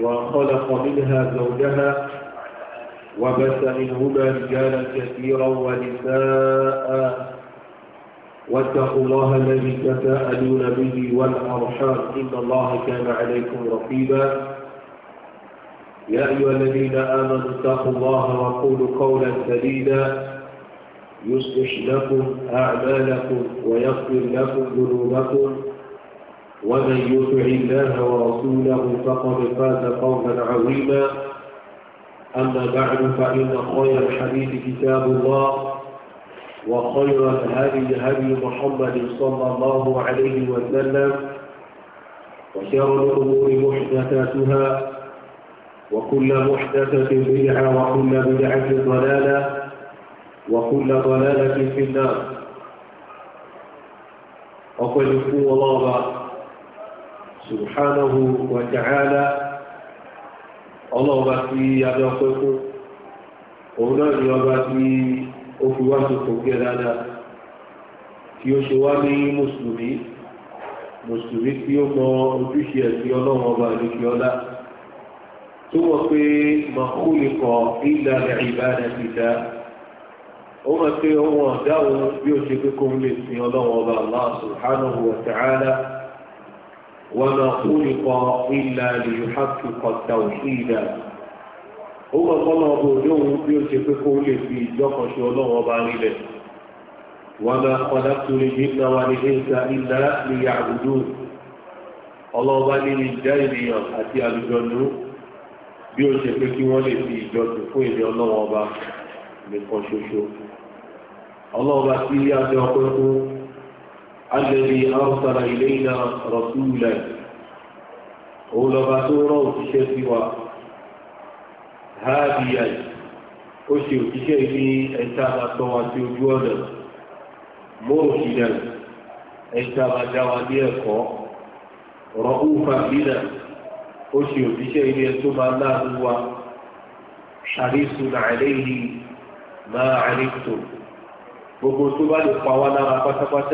وخلق منها زوجها وبس منهما رجالا كثيرا ونساء واتقوا الله الذي تساءلون به والارحام ان الله كان عليكم رقيبا يا ايها الذين امنوا اتقوا الله وقولوا قولا سديدا يصلح لكم اعمالكم ويغفر لكم ذنوبكم ومن يطع الله ورسوله فقد فاز قوما عظيما أما بعد فإن خير الحديث كتاب الله وخير الهدي هدي محمد صلى الله عليه وسلم وشر الأمور محدثاتها وكل محدثة بدعة وكل بدعة ضلالة وكل ضلالة في النار وكل لكم الله subhanahu wa ta'ala ọlọ́ọ̀bá tí abẹ́ ọpẹ́ fún òun náà ni ọba tí ó fi wá sí kò gẹ́ dáadáa tí ó ṣe wá ní mùsùlùmí mùsùlùmí tí ó mọ ojúṣe ẹ̀sìn ọlọ́run ọba ọlá tó wọ́n pé màkúlìkọ̀ ìlà ìbára ti dá ó mọ̀ pé ohun ọ̀dá bí ó ṣe pé kó ń lè sin ọlọ́run ọba Allah subhanahu wa وما خلق إلا ليحقق التوحيد ó mọ̀ kọ́nà ọba òdòwò bí ó ṣe pé kó lè fi ìjọkànṣe ọlọ́wọ́ ọba rílẹ̀ wọn bá padà torí nígbà wà ní ẹ̀ka ìlà ní àwùjọ ọlọ́ọba ní ìjà ènìyàn àti àlùjọ̀nù bí ó ṣe pé kí wọ́n lè fi ìjọsìn fún èdè ọlọ́wọ́ ọba nìkan ṣoṣo ọlọ́ọba tí yíyá jẹ́ ọpẹ́ fún الذي أرسل إلينا رسولا أولما تورو تشتوى هاديا أشي تشيني إنسان تواتي جوانا مرشدا إنسان جوانيك رؤوفا بنا أشي تشيني أنتما لا هو حريص عليه ما علمتم gbogbo tó bá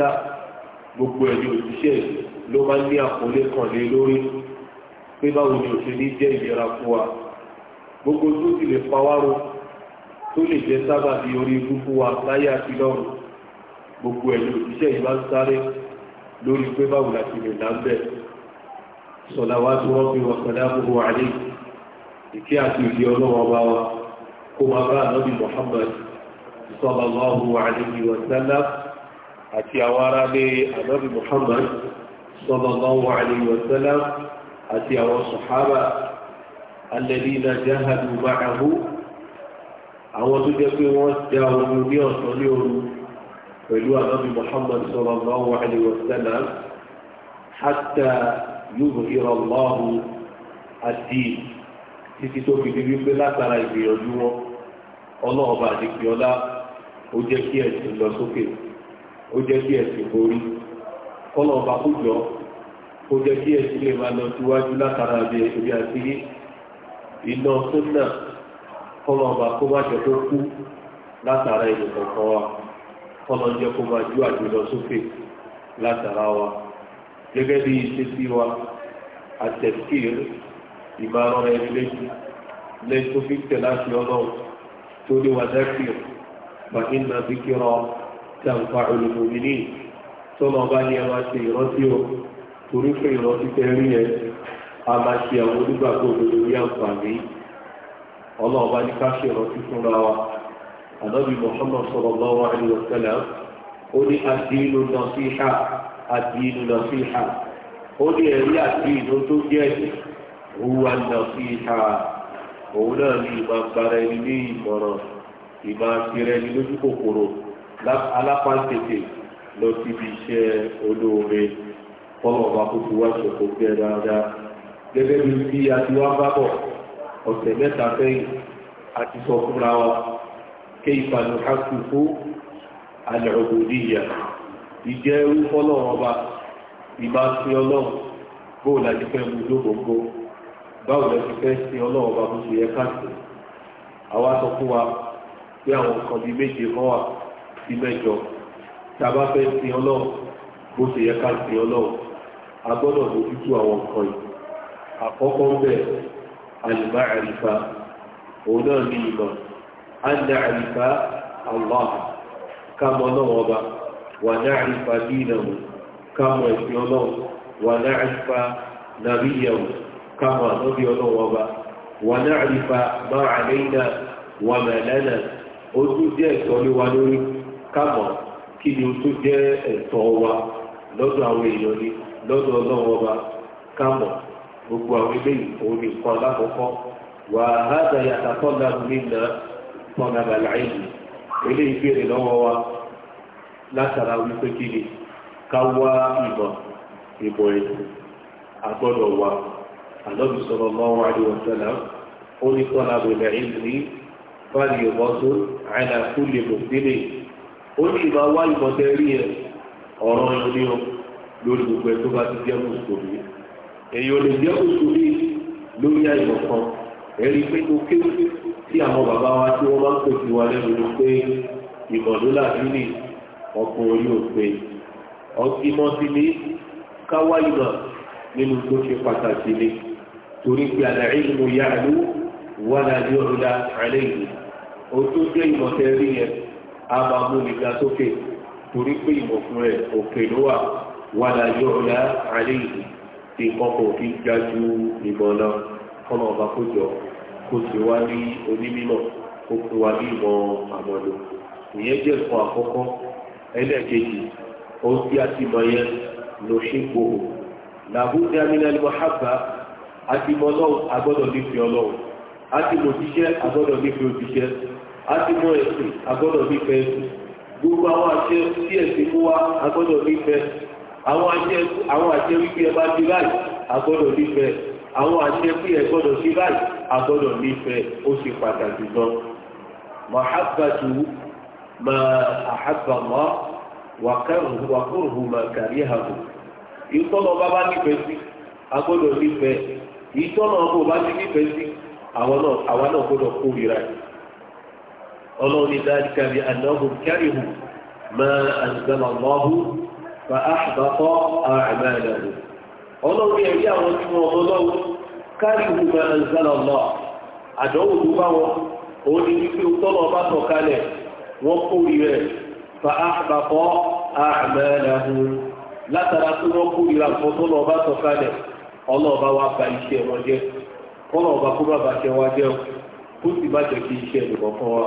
lè gbogbo ẹni òṣìṣẹ́ ló máa ń ní àkọlé kan lé lórí pé báwo ni òṣèlú jẹ́ ìlera fún wa gbogbo tó sì lè pa wá rò tó lè jẹ́ sábàbí orí ikú fún wa láyé àti lọ́run gbogbo ẹni òṣìṣẹ́ yìí máa ń sáré lórí pé báwo la ti lè là ń bẹ̀ sọ̀lá wa tí wọ́n fi wọ́n sọ̀lá gbogbo àlè ìkí àti ìdí ọlọ́wọ́ bá wa kó máa bá ànábì Muhammad sallallahu alaihi wa sallam àti àwọn ará lé ànábì Muhammad sallallahu alayhi wa sallam àti àwọn sàhábà alladhina jahadu ma'ahu àwọn tó jẹ́ pé wọ́n já ogun ní ọ̀sán ní òru pẹ̀lú ànábì Muhammad sallallahu alayhi wa sallam hatta yuzhira Allahu títí tó fi di wípé látara ìgbìyànjú wọn ọlọ́ọ̀bà àdìgbìọ́lá ó jẹ́ kí ẹ̀sìn lọ sókè ó jẹ́ kí ẹ̀sìn borí kọ́nà ọba kújọ ó jẹ́ kí ẹ̀sìn lè máa lọ síwájú látara bí ẹ̀sìn àti iná sọ́nà kọ́nà ọba kó má jẹ́ kó kú látara ẹ̀nì kọ̀ọ̀kan wa kọ́nà jẹ́ kó máa ju àjùlọ sókè látara wa gẹ́gẹ́ bí iṣẹ́ sí wa àtẹ̀síìr ìmọ̀ràn ẹni létí lẹ́yìn tó fi tẹ̀ láti ọlọ́run tó ní wàdákìr bàtí nàbíkìrọ̀ tàǹfà olùmòmìnì tó lọ bá ní ẹwà ṣe ìrántí o torí pé ìrántí tẹ rí ẹ a máa ṣe àwọn onígbàgbọ́ òdodo ní àǹfààní ọlọ́ọ̀bá ní ká ṣe ìrántí fúnra wa ànábì Muhammad sallallahu alaihi wa sallam ó ní àdínú nàṣíhà àdínú nàṣíhà ó ní ẹ̀rí àdínú tó jẹ́ ìhùwà nàṣíhà òun náà ní ìmọ̀ àgbára ẹni ní ìmọ̀ràn ìmọ̀ alápáǹtẹ̀tẹ̀ lọ síbi iṣẹ́ olóore fọ́lọ̀ ọba kó fi wá ṣòkò gẹ́ dáadáa gẹ́gẹ́ bí bí a ti wá bábọ̀ ọ̀sẹ̀ mẹ́ta sẹ́yìn a ti sọ fúnra wa ké ìfàlù hásù fún alẹ́ òbòdìyà ìjẹ́ irú fọ́lọ̀ ọba ìbá sí ọlọ́run bóò la fẹ́ mú lóbòǹgbò báwo la ti fẹ́ sí ọlọ́run ọba bó ṣe yẹ káàkiri àwa sọ fún wa pé àwọn nǹkan bíi méje kan wà sí mẹ́jọ tàbá fẹ́ sin ọlọ́run bó ṣe yẹ ká sin ọlọ́run a gbọ́dọ̀ mójútó àwọn nǹkan yìí àkọ́kọ́ bẹ́ẹ̀ alìmá àrífà òun náà ní ìmọ̀ anna àrífà allah kámọ náà ọba wà ní àrífà dínàmù kámọ ẹ̀sìn ọlọ́run wà ní àrífà nàbíyàwó kámọ ànọ́bí ọlọ́run ọba wà ní àrífà máa àlẹ́yìn náà wà mẹ́lẹ́nà ojú díẹ̀ sọ wa lórí kámọ̀ kí ni o tó jẹ́ ẹ̀tọ́ wa lọ́dọ̀ àwọn èèyàn ni lọ́dọ̀ ọlọ́wọ́ wa kámọ̀ gbogbo àwọn eléyìí òun ni nǹkan alákọ̀ọ́kọ́ wà á hádà yàtà tọ́lá nínà tọ́lá bàláìlì eléyìí béèrè lọ́wọ́ wa látara wípé kí ni ká wá ìmọ̀ ìmọ̀ ẹ̀sìn àgbọ́dọ̀ wa àlọ́bí sọ̀rọ̀ lọ́wọ́ àdìwọ̀sẹ̀lá ó ní tọ́lá bàláìlì ní fáàlì ìwọ́sùn àìlà kúlè ó ní ìmọ̀ wá ìmọ̀ tẹ rí ẹ ọ̀rọ̀ yẹn ni ó lórí gbogbo ẹ tó bá ti jẹ́ mùsùlùmí èyí ò lè jẹ́ mùsùlùmí lórí àìmọ̀ kan ẹ̀rí pé kó kéwú tí àwọn bàbá wa tí wọ́n máa ń pè sí wa lẹ́nu ni pé ìmọ̀ ló làbí nì ọkùnrin yóò pé sí ni káwá ìmọ̀ nínú tó ṣe pàtàkì ni torí pé àlàyé ìmọ̀ yàrá wà láàrin ọ̀la àlẹ́ yìí ó tó jẹ́ ìmọ̀ rí yẹn a máa mú ní ga sókè torí pé ìmọ̀ fún rẹ̀ òkè ló wà wàdà yọ̀ọ̀lá alẹ́ yìí tí kọ́kọ́ òfin ga ju ìmọ̀ náà kọ́nà ọba kó jọ kó sì wá ní onímọ̀ kó sì wá ní ìmọ̀ àmọ́lò ìyẹn jẹ́ nǹkan àkọ́kọ́ ẹlẹ́ẹ̀kejì ohun tí a yẹn ló ṣe gbòò làbújá ní wàhábà a ti mọ̀ ọlọ́run a nífẹ̀ẹ́ ọlọ́run a ti mọ̀ nífẹ̀ẹ́ òjíṣẹ́ a ti mọ ẹ̀sìn agbọ́dọ̀ nífẹ̀ẹ́ gbogbo àwọn àṣẹ tí ẹ̀sìn mú wa agbọ́dọ̀ nífẹ̀ẹ́ àwọn àṣẹ wípé ẹ bá ti báyìí agbọ́dọ̀ nífẹ̀ẹ́ àwọn àṣẹ pé ẹ gbọ́dọ̀ sí báyìí agbọ́dọ̀ ó ṣe pàtàkì mahabbatu ma ahabba wàkúrùhù ma karihahu ìtọ́nà ọba bá nífẹ̀ẹ́ sí agbọ́dọ̀ nífẹ̀ẹ́ ìtọ́nà ọba bá ti nífẹ̀ẹ́ sí àwọn náà gbọ́dọ̀ ọlọ́run ní dáríkà bí anáhùn kẹ́rìhù máa àǹgbẹ̀lọ̀ lọ́hù fa àbákọ́ àmàlẹ̀hù ọlọ́run ní ẹ̀rí àwọn tí wọ́n mọ́ lọ́wọ́ kẹ́rìhù máa àǹgbẹ̀lọ̀ lọ́ àdánwò tó bá wọn òun ni wípé tọ́lọ̀ bá tọ̀ kalẹ̀ wọ́n kó rẹ̀ fa àbákọ́ àmàlẹ̀hù látara tó wọ́n kó rẹ̀ àǹkọ́ tọ́lọ̀ bá tọ̀ kalẹ̀ ọlọ́ọ̀bá wa ba iṣẹ́ wọn jẹ́ kọ́lọ́ọ̀bá kó má ba ṣe wá jẹ́ kó sì má jẹ́ kí iṣẹ́ ẹnìkan kan wá.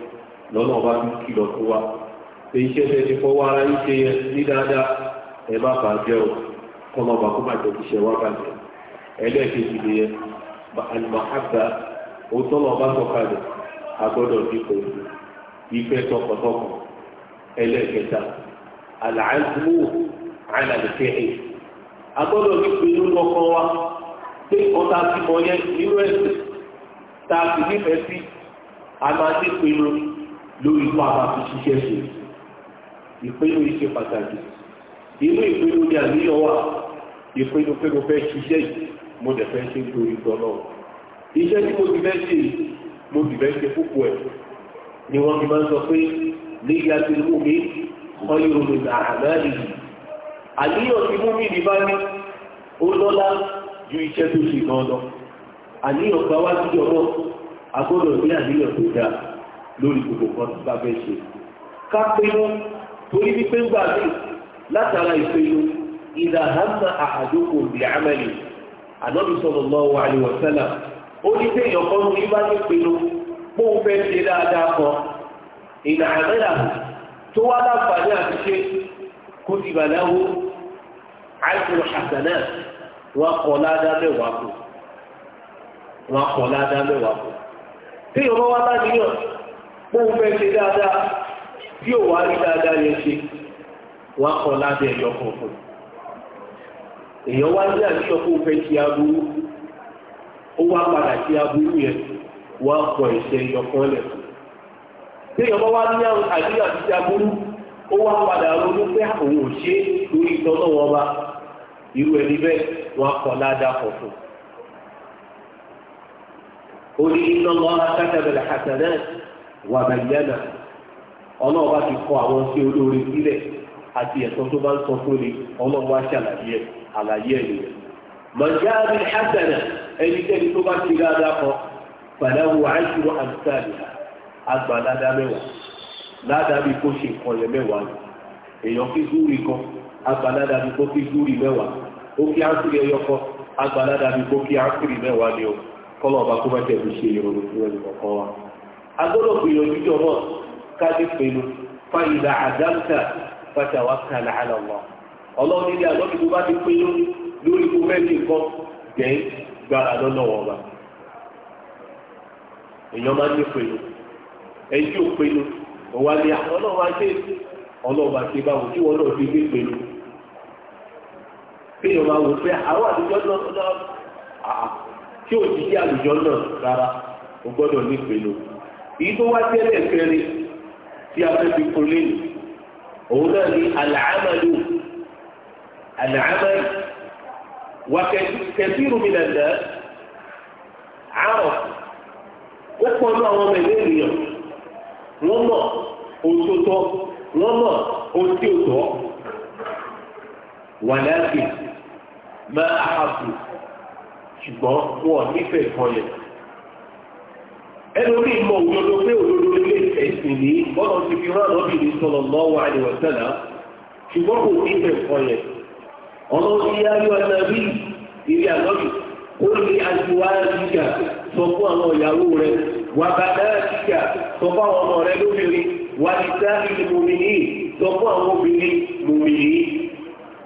lọ́nà ọba fi kìlọ̀ fún wa iṣẹ́ tẹ́ ti fọwọ́ ara yín ṣe ní dáadáa kó ṣe wá bàjẹ́ ẹlẹ́ẹ̀kejì ni yẹn àlùmọ̀hábà òótọ́ lọ bá sọ̀kalẹ̀ agbọ́dọ̀ dípò ìfẹ́ ẹlẹ́ẹ̀kẹta wa pé ọta ti yẹn nínú ẹ̀sìn tá a nífẹ̀ẹ́ sí lórí ipá bá fi ṣiṣẹ́ ṣe ìpinnu ṣe pàtàkì inú ìpinnu ni àníyàn wà ìpinnu pé mo fẹ́ ṣiṣẹ́ yìí mo dẹ̀ fẹ́ ṣe nítorí gbọ́nà iṣẹ́ tí mo ti fẹ́ ṣe mo ti fẹ́ ṣe púpọ̀ ẹ̀ ni wọ́n fi máa ń sọ pé nígbà tí mú mi kọ́ yóò lè gbà àná nìyí àníyàn tí mú mi ní bá ní ó lọ́lá ju iṣẹ́ tó ṣe gan lọ àníyàn gbáwájú ọmọ agbọ́dọ̀ ní àníyàn tó dáa lórí gbogbo kan tí bá fẹ́ ṣe ká pinnu torí wípé ń gbà mí látara ìpinnu ìdá hàmà àhàdókò bí àmàlì ànábi sallallahu alaihi wasallam ó ní pé ìyọkọ ní bá ní pinnu pé òun fẹ́ ṣe dáadáa kan ìdá àmàlà tó wá láǹfààní àti ṣe kó ti bàdáwó àìsàn àtànà wọn kọ ládàá mẹ́wàá kù wọn kọ ládàá mẹ́wàá kù tí ìyọkọ wá bá níyàn. bóun fẹ́ ṣe dáadáa bí òwò àrí dáadáa yẹn ṣe wà kọ́ lábẹ́ ẹ̀yọ́ kọ̀ọ̀kan èèyàn wá ní àṣọ kó fẹ́ ṣe aburú ó wá padà ṣe aburú yẹn wà kọ́ ẹ̀ṣẹ̀ ẹ̀yọ́ kan lẹ̀ bá wá ní àdúrà ti ṣe aburú ó wá padà ronú pé òun ò ṣe lórí ìtọ́nà wọn bá irú ẹni wàbàyánà ọlọ́ọ̀bá ti kọ àwọn sí olóore sílẹ̀ àti ẹ̀tọ́ tó bá ń sọ fún ni ọlọ́ọ̀bá ṣàlàyé àlàyé ẹ̀ nìyẹn. mọ̀jáde hasana ẹnikẹ́ni tó bá ti dáadáa kọ pàdáwò àìsùn àdìsáàdìá àgbà dáadáa mẹ́wàá dáadáa bí kò ṣe nǹkan yẹn mẹ́wàá ni èèyàn fi zúrì kan àgbà dáadáa bí kò fi zúrì mẹ́wàá ó kí áńsìrì ẹyọ kan àgbà dáadáa bí kò kí áńsìrì mẹ́wàá ni ó kọ́lọ́ọ̀bá kó má jẹ̀bi ṣe ìrònú fún ẹnì kọ̀ọ̀kan wa. agbọ́dọ̀ gbìyànjú jọ náà káàdì pẹ̀lú fàyìlà àdáńtà fatawakkal ala Allah ọlọ́run nílé àlọ́bí tó bá ti pẹ̀lú lórí kó mẹ́rin nǹkan jẹ́ gbára lọ́nà wọn bá èèyàn máa ń ní pẹ̀lú ẹjí ò ni ah, tí wọn náà fi gbé kéèyàn máa wò pé àwọn náà tí ò ti jẹ́ náà rárá o gbọ́dọ̀ ní èyí tó wá sí ẹlẹ́ẹ̀kẹrin tí a fẹ́ fi kún lẹ́nu òun náà ni àlàámàlú àlàámàlú wà kẹsí rúmìnà náà àrọ̀ ó pọ̀ ní àwọn ọmọ ẹ̀lẹ́ ènìyàn wọ́n mọ̀ òtòtọ́ wọ́n mọ̀ òtí òtọ́ wà láti máa àhàbù ṣùgbọ́n wọn nífẹ̀ẹ́ kan yẹn ẹlòmí mọ òdodo pé òdodo lè ẹ̀sìn ní bọ́lá ti fi rán lọ́bì ní sọ̀rọ̀ lọ́wọ́ àdìwọ̀sẹ́là ṣùgbọ́n kò ní ìfẹ́ kọ yẹn ọ̀nà ti yáyọ ẹnàbí ìrì àlọ́bì ó ní àjùwá ìjà sọ fún àwọn ìyàwó rẹ wà bàtà ìjà sọ fún àwọn ọmọ rẹ lóbìnrin wà ní sáàbì mòmìnì sọ fún àwọn obìnrin mòmìnì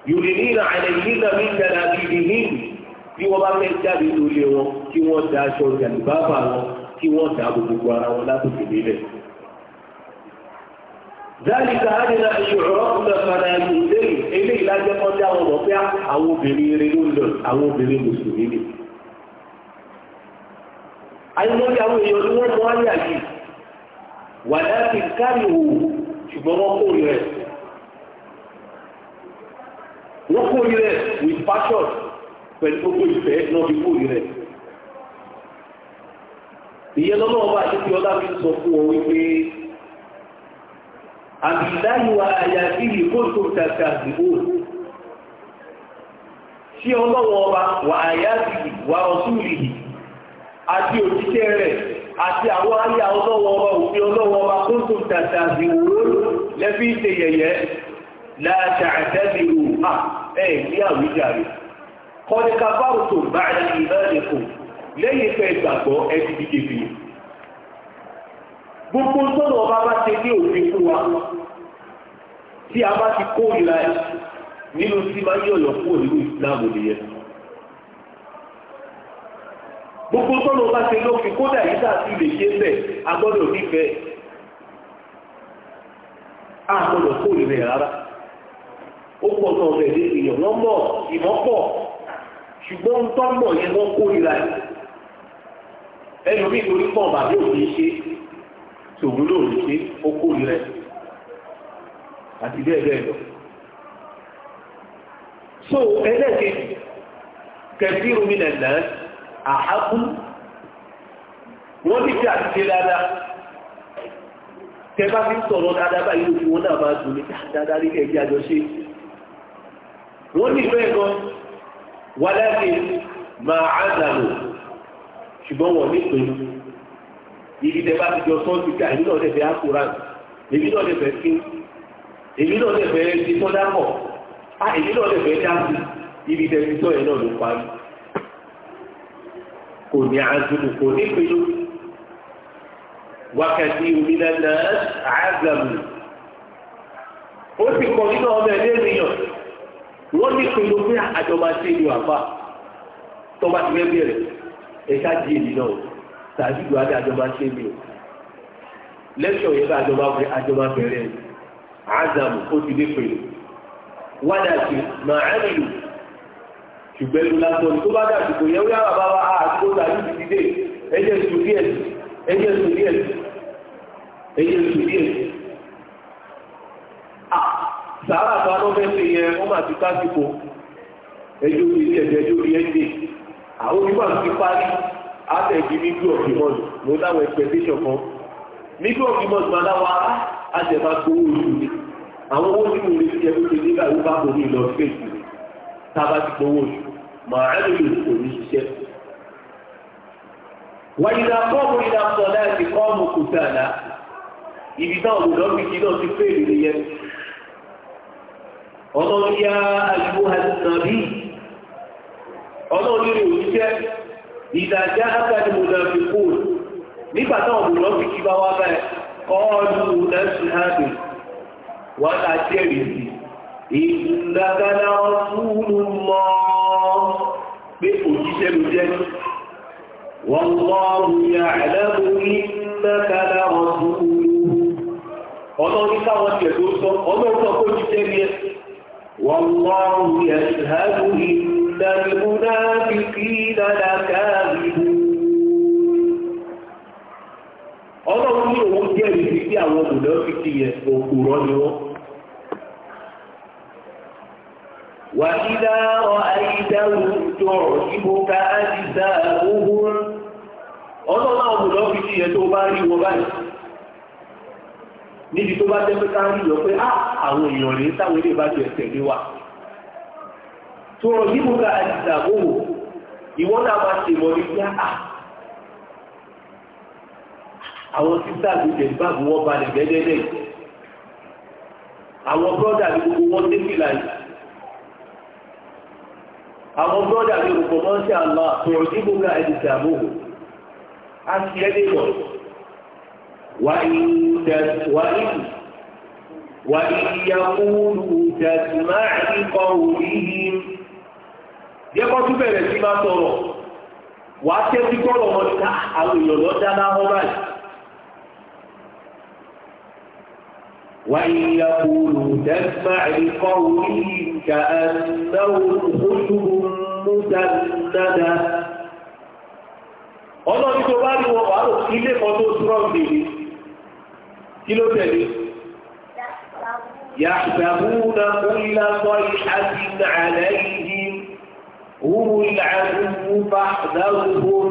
yòlìní ìlà àìlèyí náà ní ìjàdà bí wọ́n bá fẹ́ jáde lórí wọn kí wọ́n da aṣọ ìjàdùbá bà wọn kí wọ́n dá gbogbo ara wọn látòkè nílẹ̀. Dáríkà Adéla ìṣòro ọ̀nà padà ìlú eléyìí lájẹ́ kọ́ dá wọn mọ̀ pé àwọn obìnrin eré ló ń lọ àwọn obìnrin mùsùlùmí ni. Àyẹ̀mọ́lẹ̀ àwọn èèyàn ni wọ́n mú ayé àyè. Wàdá ti kárí òwò ṣùgbọ́n wọ́n kó rẹ̀. Wọ́n kó rẹ̀ with passion pẹ̀lú gbogbo ìfẹ́ náà fi kó rẹ̀. ìyẹn lọ́nà ọba àdébí ọlá fi sọ fún ọ wípé àbìláyìwá àyàfi ìkóso kàkà ìbò sí ọlọ́wọ́ ọba wà àyàfi wà ọ̀túnrìhì àti òjíṣẹ́ rẹ̀ àti àwọn ayé ọlọ́wọ́ ọba òfin ọlọ́wọ́ ọba kóso kàkà ìbò lẹ́fí ṣe yẹ̀yẹ́ láàṣà lẹ́yìn pé ìgbàgbọ́ ẹtì bí kébì gbogbo sọ́nà ọba bá ṣe ní òfin fún wa tí a bá ti kó ìlà ẹ̀ nínú tí máa ń yọ̀yọ̀ kúrò nínú ìsìláàmù nìyẹn gbogbo sọ́nà ọba ṣe lófin kódà yìí tá a ti lè ṣe bẹ́ẹ̀ a gbọ́dọ̀ nífẹ̀ẹ́ a gbọ́dọ̀ kó ìrìn rárá ó pọ̀ náà bẹ́ẹ̀ ní èèyàn wọ́n mọ̀ ìmọ̀ pọ̀ ṣùgbọ́n ń tọ́ mọ̀ yẹn wọ́n kó ìlà ẹ̀ ẹlòmíì torí pọ̀ bàbá òní ṣe tòun ló ní ṣe ókó rẹ̀ àti bẹ́ẹ̀ bẹ́ẹ̀ lọ. so ẹlẹ́kẹ̀ẹ́ kẹfí omi nàìjíríà àhákú wọ́n ní kí àti ṣe dáadáa tẹ bá fi ń sọ̀rọ̀ dáadáa báyìí lójú wọn náà máa dùn ní dáadáa ní kẹ̀kẹ́ àjọṣe wọ́n ní bẹ́ẹ̀ gan wàlẹ́ máa àdàlù ṣùgbọ́n wọ́n nípìn ibi tẹ bá ti jọ sọ́ọ́ ti ká èmi náà lẹ́fẹ̀ẹ́ akuran èmi náà lẹ́fẹ̀ẹ́ kí èmi náà lẹ́fẹ̀ẹ́ ti tọ́ dákọ̀ á èmi náà lẹ́fẹ̀ẹ́ dáàbò ibi tẹ ti tọ́ yẹn náà ló parí kò ní azulu kò ní pinnu wákàtí omínà náà ó sì kọ nínú ọmọ ẹ̀ lẹ́nìyàn wọ́n ní pinnu pé àjọba ṣe ìlú àbá tọ́ba ti fẹ́ bẹ̀rẹ̀ ẹ̀ka di èdè náà tàbí ìlú adé àjọ máa ṣe mí o lẹ́kṣọ̀ yẹn bá àjọ máa bẹ̀rẹ̀ azamu ó ti dé pẹ̀lú wádà sí máa ẹ̀ lù ṣùgbọ́n ìlú lásán ni tó bá dà dùkọ̀ yẹn wíyá bàbá wa àti ó tàbí ti dé ẹ̀jẹ̀ sùn díẹ̀ ẹ̀jẹ̀ sùn díẹ̀ ẹ̀jẹ̀ sùn díẹ̀ sàárà tó a lọ́ fẹ́ ṣe yẹn wọ́n máa ti ká sí ko ẹjọ́ orí ẹ̀jẹ̀ ẹjọ́ orí ẹ̀jẹ̀ àwọn onímọ̀ ti parí àtẹ̀jú middle of the month mo láwọn expectation kan middle of the month máa láwọn ará àjẹmá gbowó oṣù mi àwọn owó tí mo lè fi ẹgbẹ́ ṣe nígbà yóò bá kò ní ìlọ sí èsì mi tá a bá ti gbowó oṣù màá rẹ́ lòlò kò ní ṣiṣẹ́. wàyí náà kọ́ọ̀mù iná sọ láti kọ́ọ̀mù kùtà náà ibi náà olùdókìtì náà ti fèrè nìyẹn. ọ̀nà yá àyùbọ̀ àti nàbí ọlọ́run ní òjíṣẹ́ ìdájá ágbàdì mùnàfikún nígbà táwọn mùnàfikí bá wá bẹ́ẹ̀ kọ́ọ̀lù mùnàfikún wọ́n ta jẹ́rìí sí ìdàgàdà ọ̀túnú mọ́ pé òjíṣẹ́ ló jẹ́ wọ́n lọ́rùn yà ẹ̀lẹ́mú ìdàgàdà ọ̀túnú ọlọ́run táwọn tẹ̀ tó sọ ọlọ́run tó kó jíṣẹ́ ni wọ́n lọ́rùn yà ẹ̀lẹ́mú ìdàgàdà إن المنافقين لكاذبون ọlọ́run ní òun jẹ́rìí sí pé àwọn mùnàfíkì yẹn òkúrọ́ ni wọ́n. wà nílá àìdáhùn jọ ìbòkà àdìsá òhun ọlọ́run àwọn mùnàfíkì tó bá rí wọ báyìí níbi tó bá rí lọ pé ah, àwọn èèyàn táwọn ilé wa. tó o yí múlá àdìsàbò ìwọ náà máa ṣe mọ ní kí á àwọn sísá àgbèjẹ báàbù wọn balẹ̀ gẹ́gẹ́dẹ́ àwọn bọ́dà ní gbogbo wọn dé fìlà yìí àwọn bọ́dà ní gbogbo wọn ṣe àlọ́ tó o yí múlá àdìsàbò ti ẹ́ lè mọ̀ وإن يقولوا تسمع لقولهم yẹ kó tún bẹ̀rẹ̀ sí máa sọ̀rọ̀ wàá tẹ́tí gbọ́dọ̀ wọn ká àwọn èèyàn lọ dáná wọn báyìí. وإن يقولوا تسمع لقولهم كأنهم خشب مسندة ọlọ́run tó bá ní wọn wà ló ilé kan tó súnrọ̀ gbèrè kí ló tẹ̀lé يحسبون كل صيحة عليهم هم العدو فاحذرهم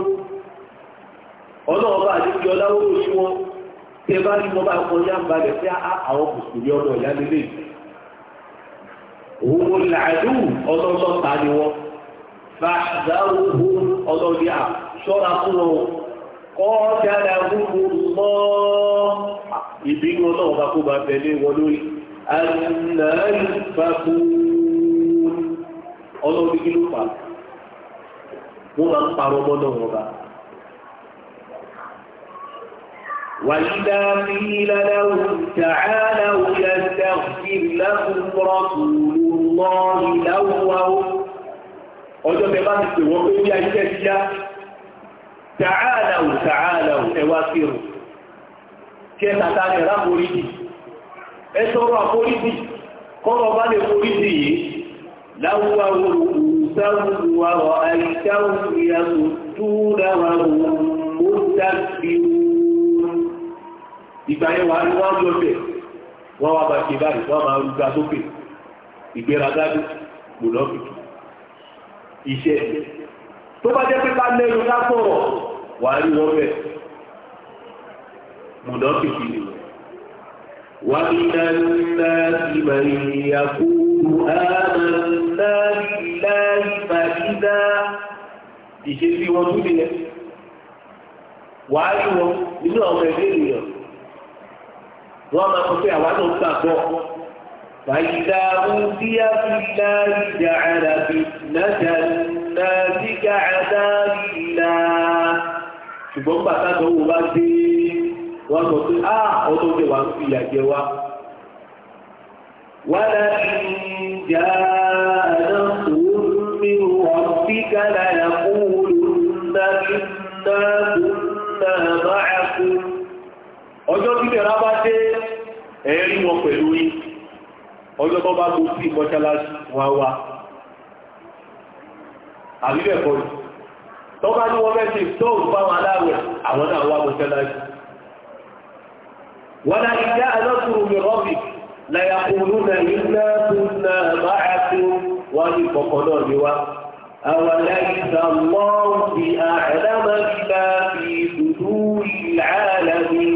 ọlọ́ọ̀bá àdíjọ láwọ́rọ̀ sí wọn tẹ bá ní ọba ọkọ̀ọ́yá ń balẹ̀ sí àwọn kùsùlù ọ̀dọ̀ ìyá nílé òun làádù ọlọ́ọ̀lọ́ta ni wọ́n fàdáwòhùn ọlọ́ọ̀dí à ṣọ́ra fún wọn kọ́ dára gbogbo mọ́ ìbínú ọlọ́ọ̀bá kó bá bẹ̀lé wọn lórí àìnáyìí fàkùn ọlọ́ọ̀dí kí ló fà á wọ́n máa ń parọ́ ọmọ náà wọ́n bá. وَإِذَا قِيلَ لَهُمْ تَعَالَوْا يَسْتَغْفِرْ لَكُمْ رَسُولُ اللَّهِ لَوَّوْا ọjọ́ bẹ bá ti pè wọ́n pé bí ayé ti yá tààlàwò tààlàwò ẹwà fíhùn kí ẹ tàtà rẹ̀ láforíjì ẹ sọ̀rọ̀ àforíjì kọ́rọ̀ bá lè foríjì yìí láwúwá orúkú رؤوسهم ورأيتهم يصدون وهم مستكبرون ìgbà yẹn wà ní wọ́n lọ bẹ̀ wọ́n wá bá ṣe báyìí wọ́n máa rúgbà sókè ìgbéraga ní mùnàfíkì iṣẹ́ tó bá jẹ́ pé lẹ́nu ká sọ̀rọ̀ wà ní wọ́n bẹ̀ mùnàfíkì ni wọ́n ní náà ní náà ti máa ń آمنا بالله فإذا ìṣe bí wọn tún nílẹ̀ wàá rí wọn nínú àwọn ẹgbẹ́ ènìyàn wọn máa sọ pé àwa náà gbà bọ fàyídà ọdí àfíìlà ìjà àràbì nàjà nàbí gàdá ìlà ṣùgbọ́n bàtà tó bá dé wọn sọ pé a ah, ọdún tẹ wàá fi ìyà jẹ ولئن جاء نصر من ربك ليقولن إنا كنا معكم ọjọ́ tí bẹ̀rẹ̀ bá dé ẹ̀rí wọn pẹ̀lú yìí ọjọ́ tó bá gbó sí mọ́ṣáláṣí wá wá àbíbẹ̀kọ́ tó bá ní wọ́n mẹ́sì tó ń bá wọn aláwẹ̀ àwọn náà wá mọ́ṣáláṣí wọ́n náà ìjá alọ́kùnrin mi rọ́bìkì lẹ́yàkùnrúnà iná na máàtú wọ́n ní kọ̀kọ́ náà ni wá. awa ẹ̀yìnká wọ́n ti àdámàbíbá fi dùdú ìlàlàbí.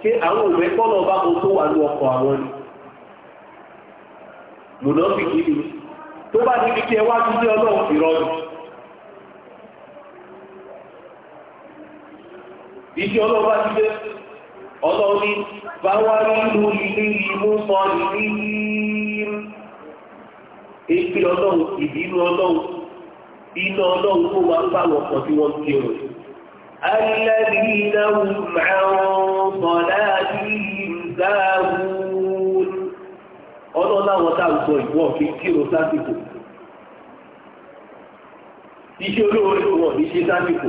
ṣé àwọn òwe kọ́nà bá mo tó wà ní ọkọ̀ àwọn ni. mùnàfíkì ni tó bá ti fi kí ti ọlọ́ni bá wá nínú ilé ìmú sọ ìlú èpè ọlọ́run ìbínú ọlọ́run iná ọlọ́run tó wá ń bá wọn kan tí wọ́n ti rò. الذين هم عن صلاتهم ساهون ọlọ́run láwọn táwùsọ ìwọ̀n fi kírun sásìkò iṣẹ́ olóore wọn ní sásìkò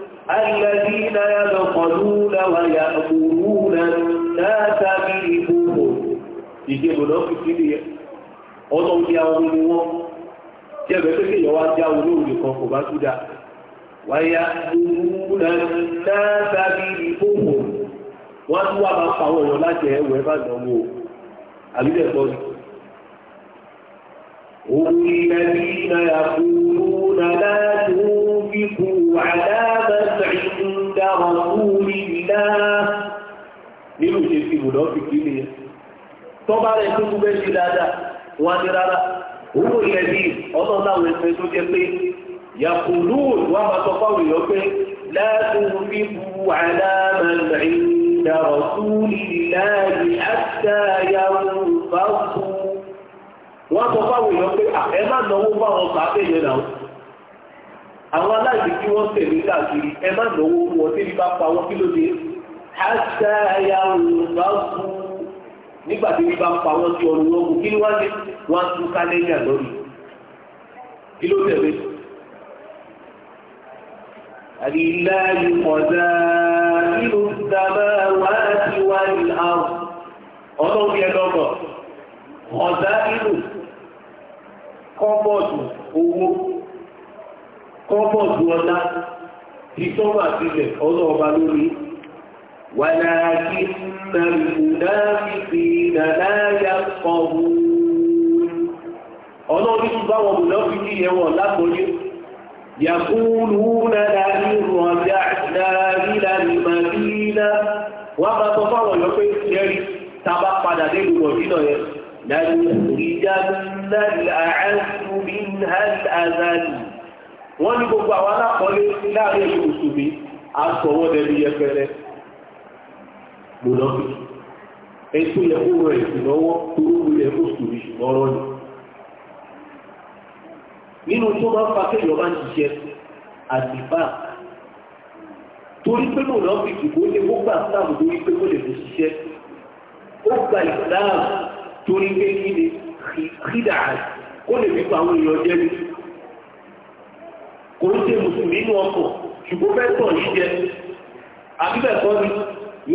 الذين يبخلون ويأمرون الناس بالبخل ìjẹ́ mọ̀lọ́kì sí ni ọ̀nà òní àwọn ọmọ ni wọ́n tí ẹgbẹ́ pé kéèyàn wá já wọ́n tún wà láti àbílẹ̀ òun ilẹ̀ bí kúrú عذابا عند رسول الله nínú ṣe fi mùdọ́ fi kí ni tọ́ba rẹ̀ tó gbẹ́ sí dáadáa wọn ni rárá owó ilẹ̀ bíi ọ̀nà táwọn ẹgbẹ́ tó jẹ́ pé yàkùnú wọn máa sọ fáwọn èèyàn pé láàtún fi bá kú. wọ́n sọ náà. àwọn aláìsí kí wọ́n tẹ̀lé káàkiri ẹ má náwó fún wọn bá pa kí ló dé àṣà ẹ̀yà òǹgbà kú nígbà tí wọ́n bá wọn kú kí ni wáyé wọ́n tún kálẹ́yà lórí kí kọ́pọ̀ ju ọlá ti sọ́mà sílẹ̀ ọ̀nà ọba lórí wàláàkí nàìjíríàfíì nàìjíríà kọ̀ọ̀bù ọ̀nà oníṣù báwọn mùlọ́fì ní ẹwọ̀n lápọ̀lé yàkúlù náà nínú ọjà dáríla ní màdínà wọ́n bá sọ fáwọn ọ̀yọ́ pé jẹ́rí tàbá padà nínú mọ̀dínà yẹn lẹ́nu ìjà náà àásù bí hàn wọ́n ní gbogbo àwọn alákọ̀ọ́lé láàrin ìlú mùsùlùmí à ń sọ̀wọ́ dẹbi yẹpẹrẹ gbòdọ́bì ètò yẹ kó rẹ̀ ìsìnlọ́wọ́ tó rú yẹ kó sùn ìṣùnà ọ̀rọ̀ ni. nínú tó máa ń fa kéèyàn máa ń ṣiṣẹ́ àdìbà torí pé gbòdọ́bì kò lè kó gbà sáàmù torí pé kó lè fi ṣiṣẹ́ ó gba ìsáàmù torí pé kí ni kídà kó lè fi pa àwọn èèyàn jẹ́ nínú kò ń ṣe mùsùlùmí inú ọkọ̀ ṣùgbọ́n fẹ́ tọ̀ yìí jẹ àbíbẹ̀kọ́ ni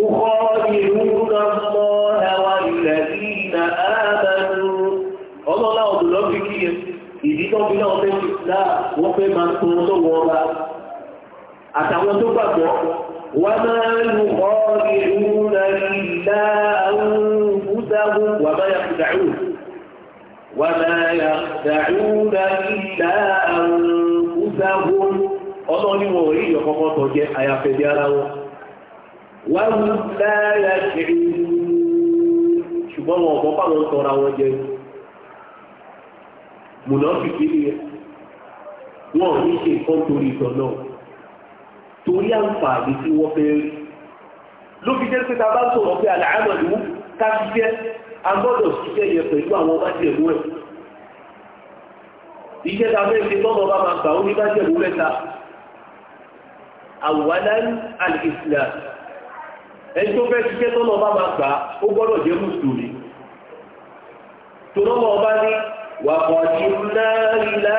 يخادعون الله والذين آمنوا ọlọ́lá ọ̀dọ̀lọ́ fi kí ẹ ìdíkọ́ bí náà wọ́n fẹ́ máa tó lọ́wọ́ ọba àtàwọn tó gbàgbọ́ wà máa lù ọ́ ìrúnà ìlà àwọn òkúta wà máa yà وما يخدعون إلا أنفسهم ọmọ ní wọn orí ìyọ̀kọ́kọ́ tọ́ jẹ́ àyàfẹ́bí ara wọn wọ́n láyà kiri ṣùgbọ́n wọn ọ̀pọ̀ pàwọn tọ́ra wọn jẹ mùnàfíkì ni ní ṣe torí ìtọ̀ torí àǹfààní tí wọ́n fẹ́ rí kájíṣẹ́ agbọ́dọ̀ ṣiṣẹ́ yẹ pẹ̀lú àwọn májẹ̀mú ẹ̀ iṣẹ́ ta fẹ́ ṣe tọ́mọ bá máa gbà ó ní májẹ̀mú mẹ́ta àwòrán alìsìlá ẹni tó fẹ́ ṣiṣẹ́ tọ́mọ bá máa gbà ó gbọ́dọ̀ jẹ́ mùsùlùmí tọ́mọ bá ní وقدمنا إلى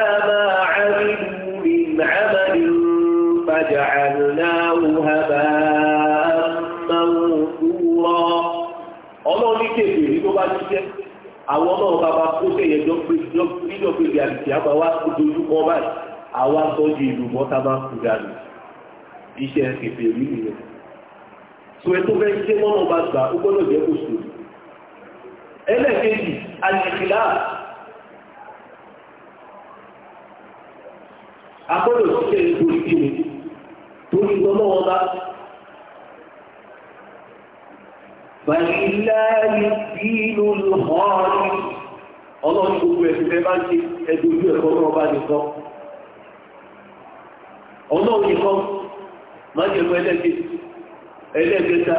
wá níṣẹ́ àwọn náà bàbá kó sẹ́yẹ níjọ́ pé bí àbìsí àbá wá kó dojú kọ báyìí àwa sọ́jú ìlú mọ́ta máa kú dànù iṣẹ́ kèfè rí nìyẹn so ẹ tó fẹ́ ṣe mọ́nà bá gbà ó gbọ́dọ̀ jẹ́ kó sùn ẹlẹ́ẹ̀kejì àyẹ̀kìlá agbọ́dọ̀ ṣiṣẹ́ nítorí kíni torí ọlọ́wọ́ bá فَلِلَّهِ الدين الخالص ọlọ́run gbogbo ẹ̀sùn tẹ́ bá ń ṣe ẹgbẹ́ ojú ẹ̀kọ́ ọmọ ọba nìkan ọlọ́run nìkan máa jẹ̀mú ẹlẹ́gbẹ́ ẹlẹ́gbẹ́ta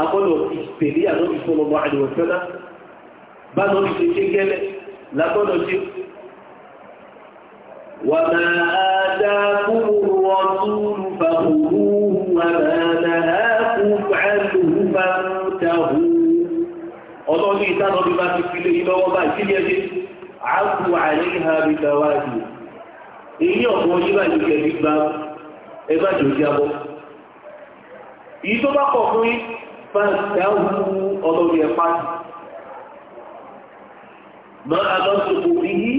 agbọ́dọ̀ ìpèlé àlọ́bí sọ́lọ́ ọmọ àdìwọ̀ sọ́lá bá lọ́bí ṣe ṣe gẹ́lẹ́ lágbọ́dọ̀ ṣe wà máa dáa kúrò ọtún fàkùrù wà máa wọ́n ní ìtànà bí bá ti fi lé lọ́wọ́ báyìí kí ni ẹ àákú àìríha bí tàwáàdì èyí ọ̀pọ̀ yín bá ní kẹ̀mí gba ẹ bá jòjì abọ́ èyí tó bá kọ̀ fún yín bá dáhù ọlọ́run ẹ̀ pàtì ma alọ́sọ̀kò yìí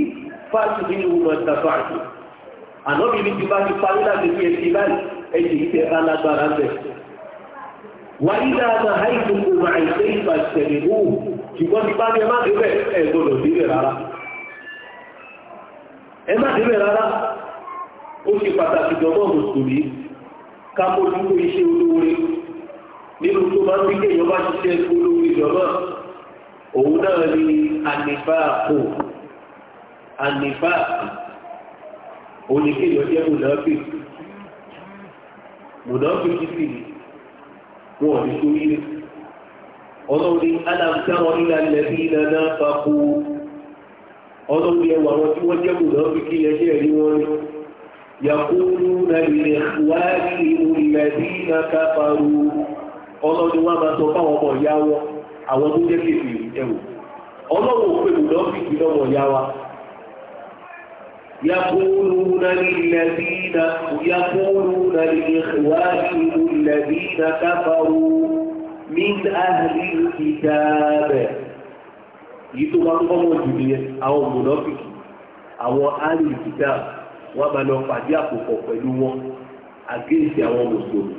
fáàtì nínú wọn tàbí àjò ànábì ní ti bá ti parí láti fi ẹsẹ̀ báyìí ẹsẹ̀ yìí tẹ̀ bá lágbára bẹ̀ wáyé dáadáa àìsókò máa ṣe ìbàṣẹ̀lẹ̀ òòrùn ṣùgbọ́n ti bá ní ẹ má débẹ̀ ẹ gbọ́dọ̀ débẹ̀ rárá ẹ má débẹ̀ rárá ó ṣe pàtàkì jọmọ́ mùsùlùmí ká mójútó iṣẹ́ olóore nínú tó máa ń bí kéèyàn bá ṣiṣẹ́ olóore jọmọ́ òun náà ni ànífàákò ànífàákò oníkéèyàn jẹ́ mùnàfì mùnàfì títì wọn ò ní sórí rẹ̀ ọlọ́run ní aláǹtẹ̀rọ ilẹ̀ lẹ́bí iná náà fapò ọlọ́run ní ẹwà wọn tí wọ́n jẹ́ kù náà fi kí ẹṣẹ́ rí wọn ni yàkúrú na ilẹ̀ wáyé olùlẹ̀bí iná káfàrú ọlọ́run wọn máa sọ fáwọn ọmọ ìyá wọn àwọn tó jẹ́ min ahli kitaabẹ̀ yìí tó wọ́n kọ́ wọ́n jùlọ yẹn àwọn mùnàfíkì àwọn ahli kitaab wọ́n máa lọ pàdé àkókò pẹ̀lú wọn àgéǹsì àwọn mùsùlùmí.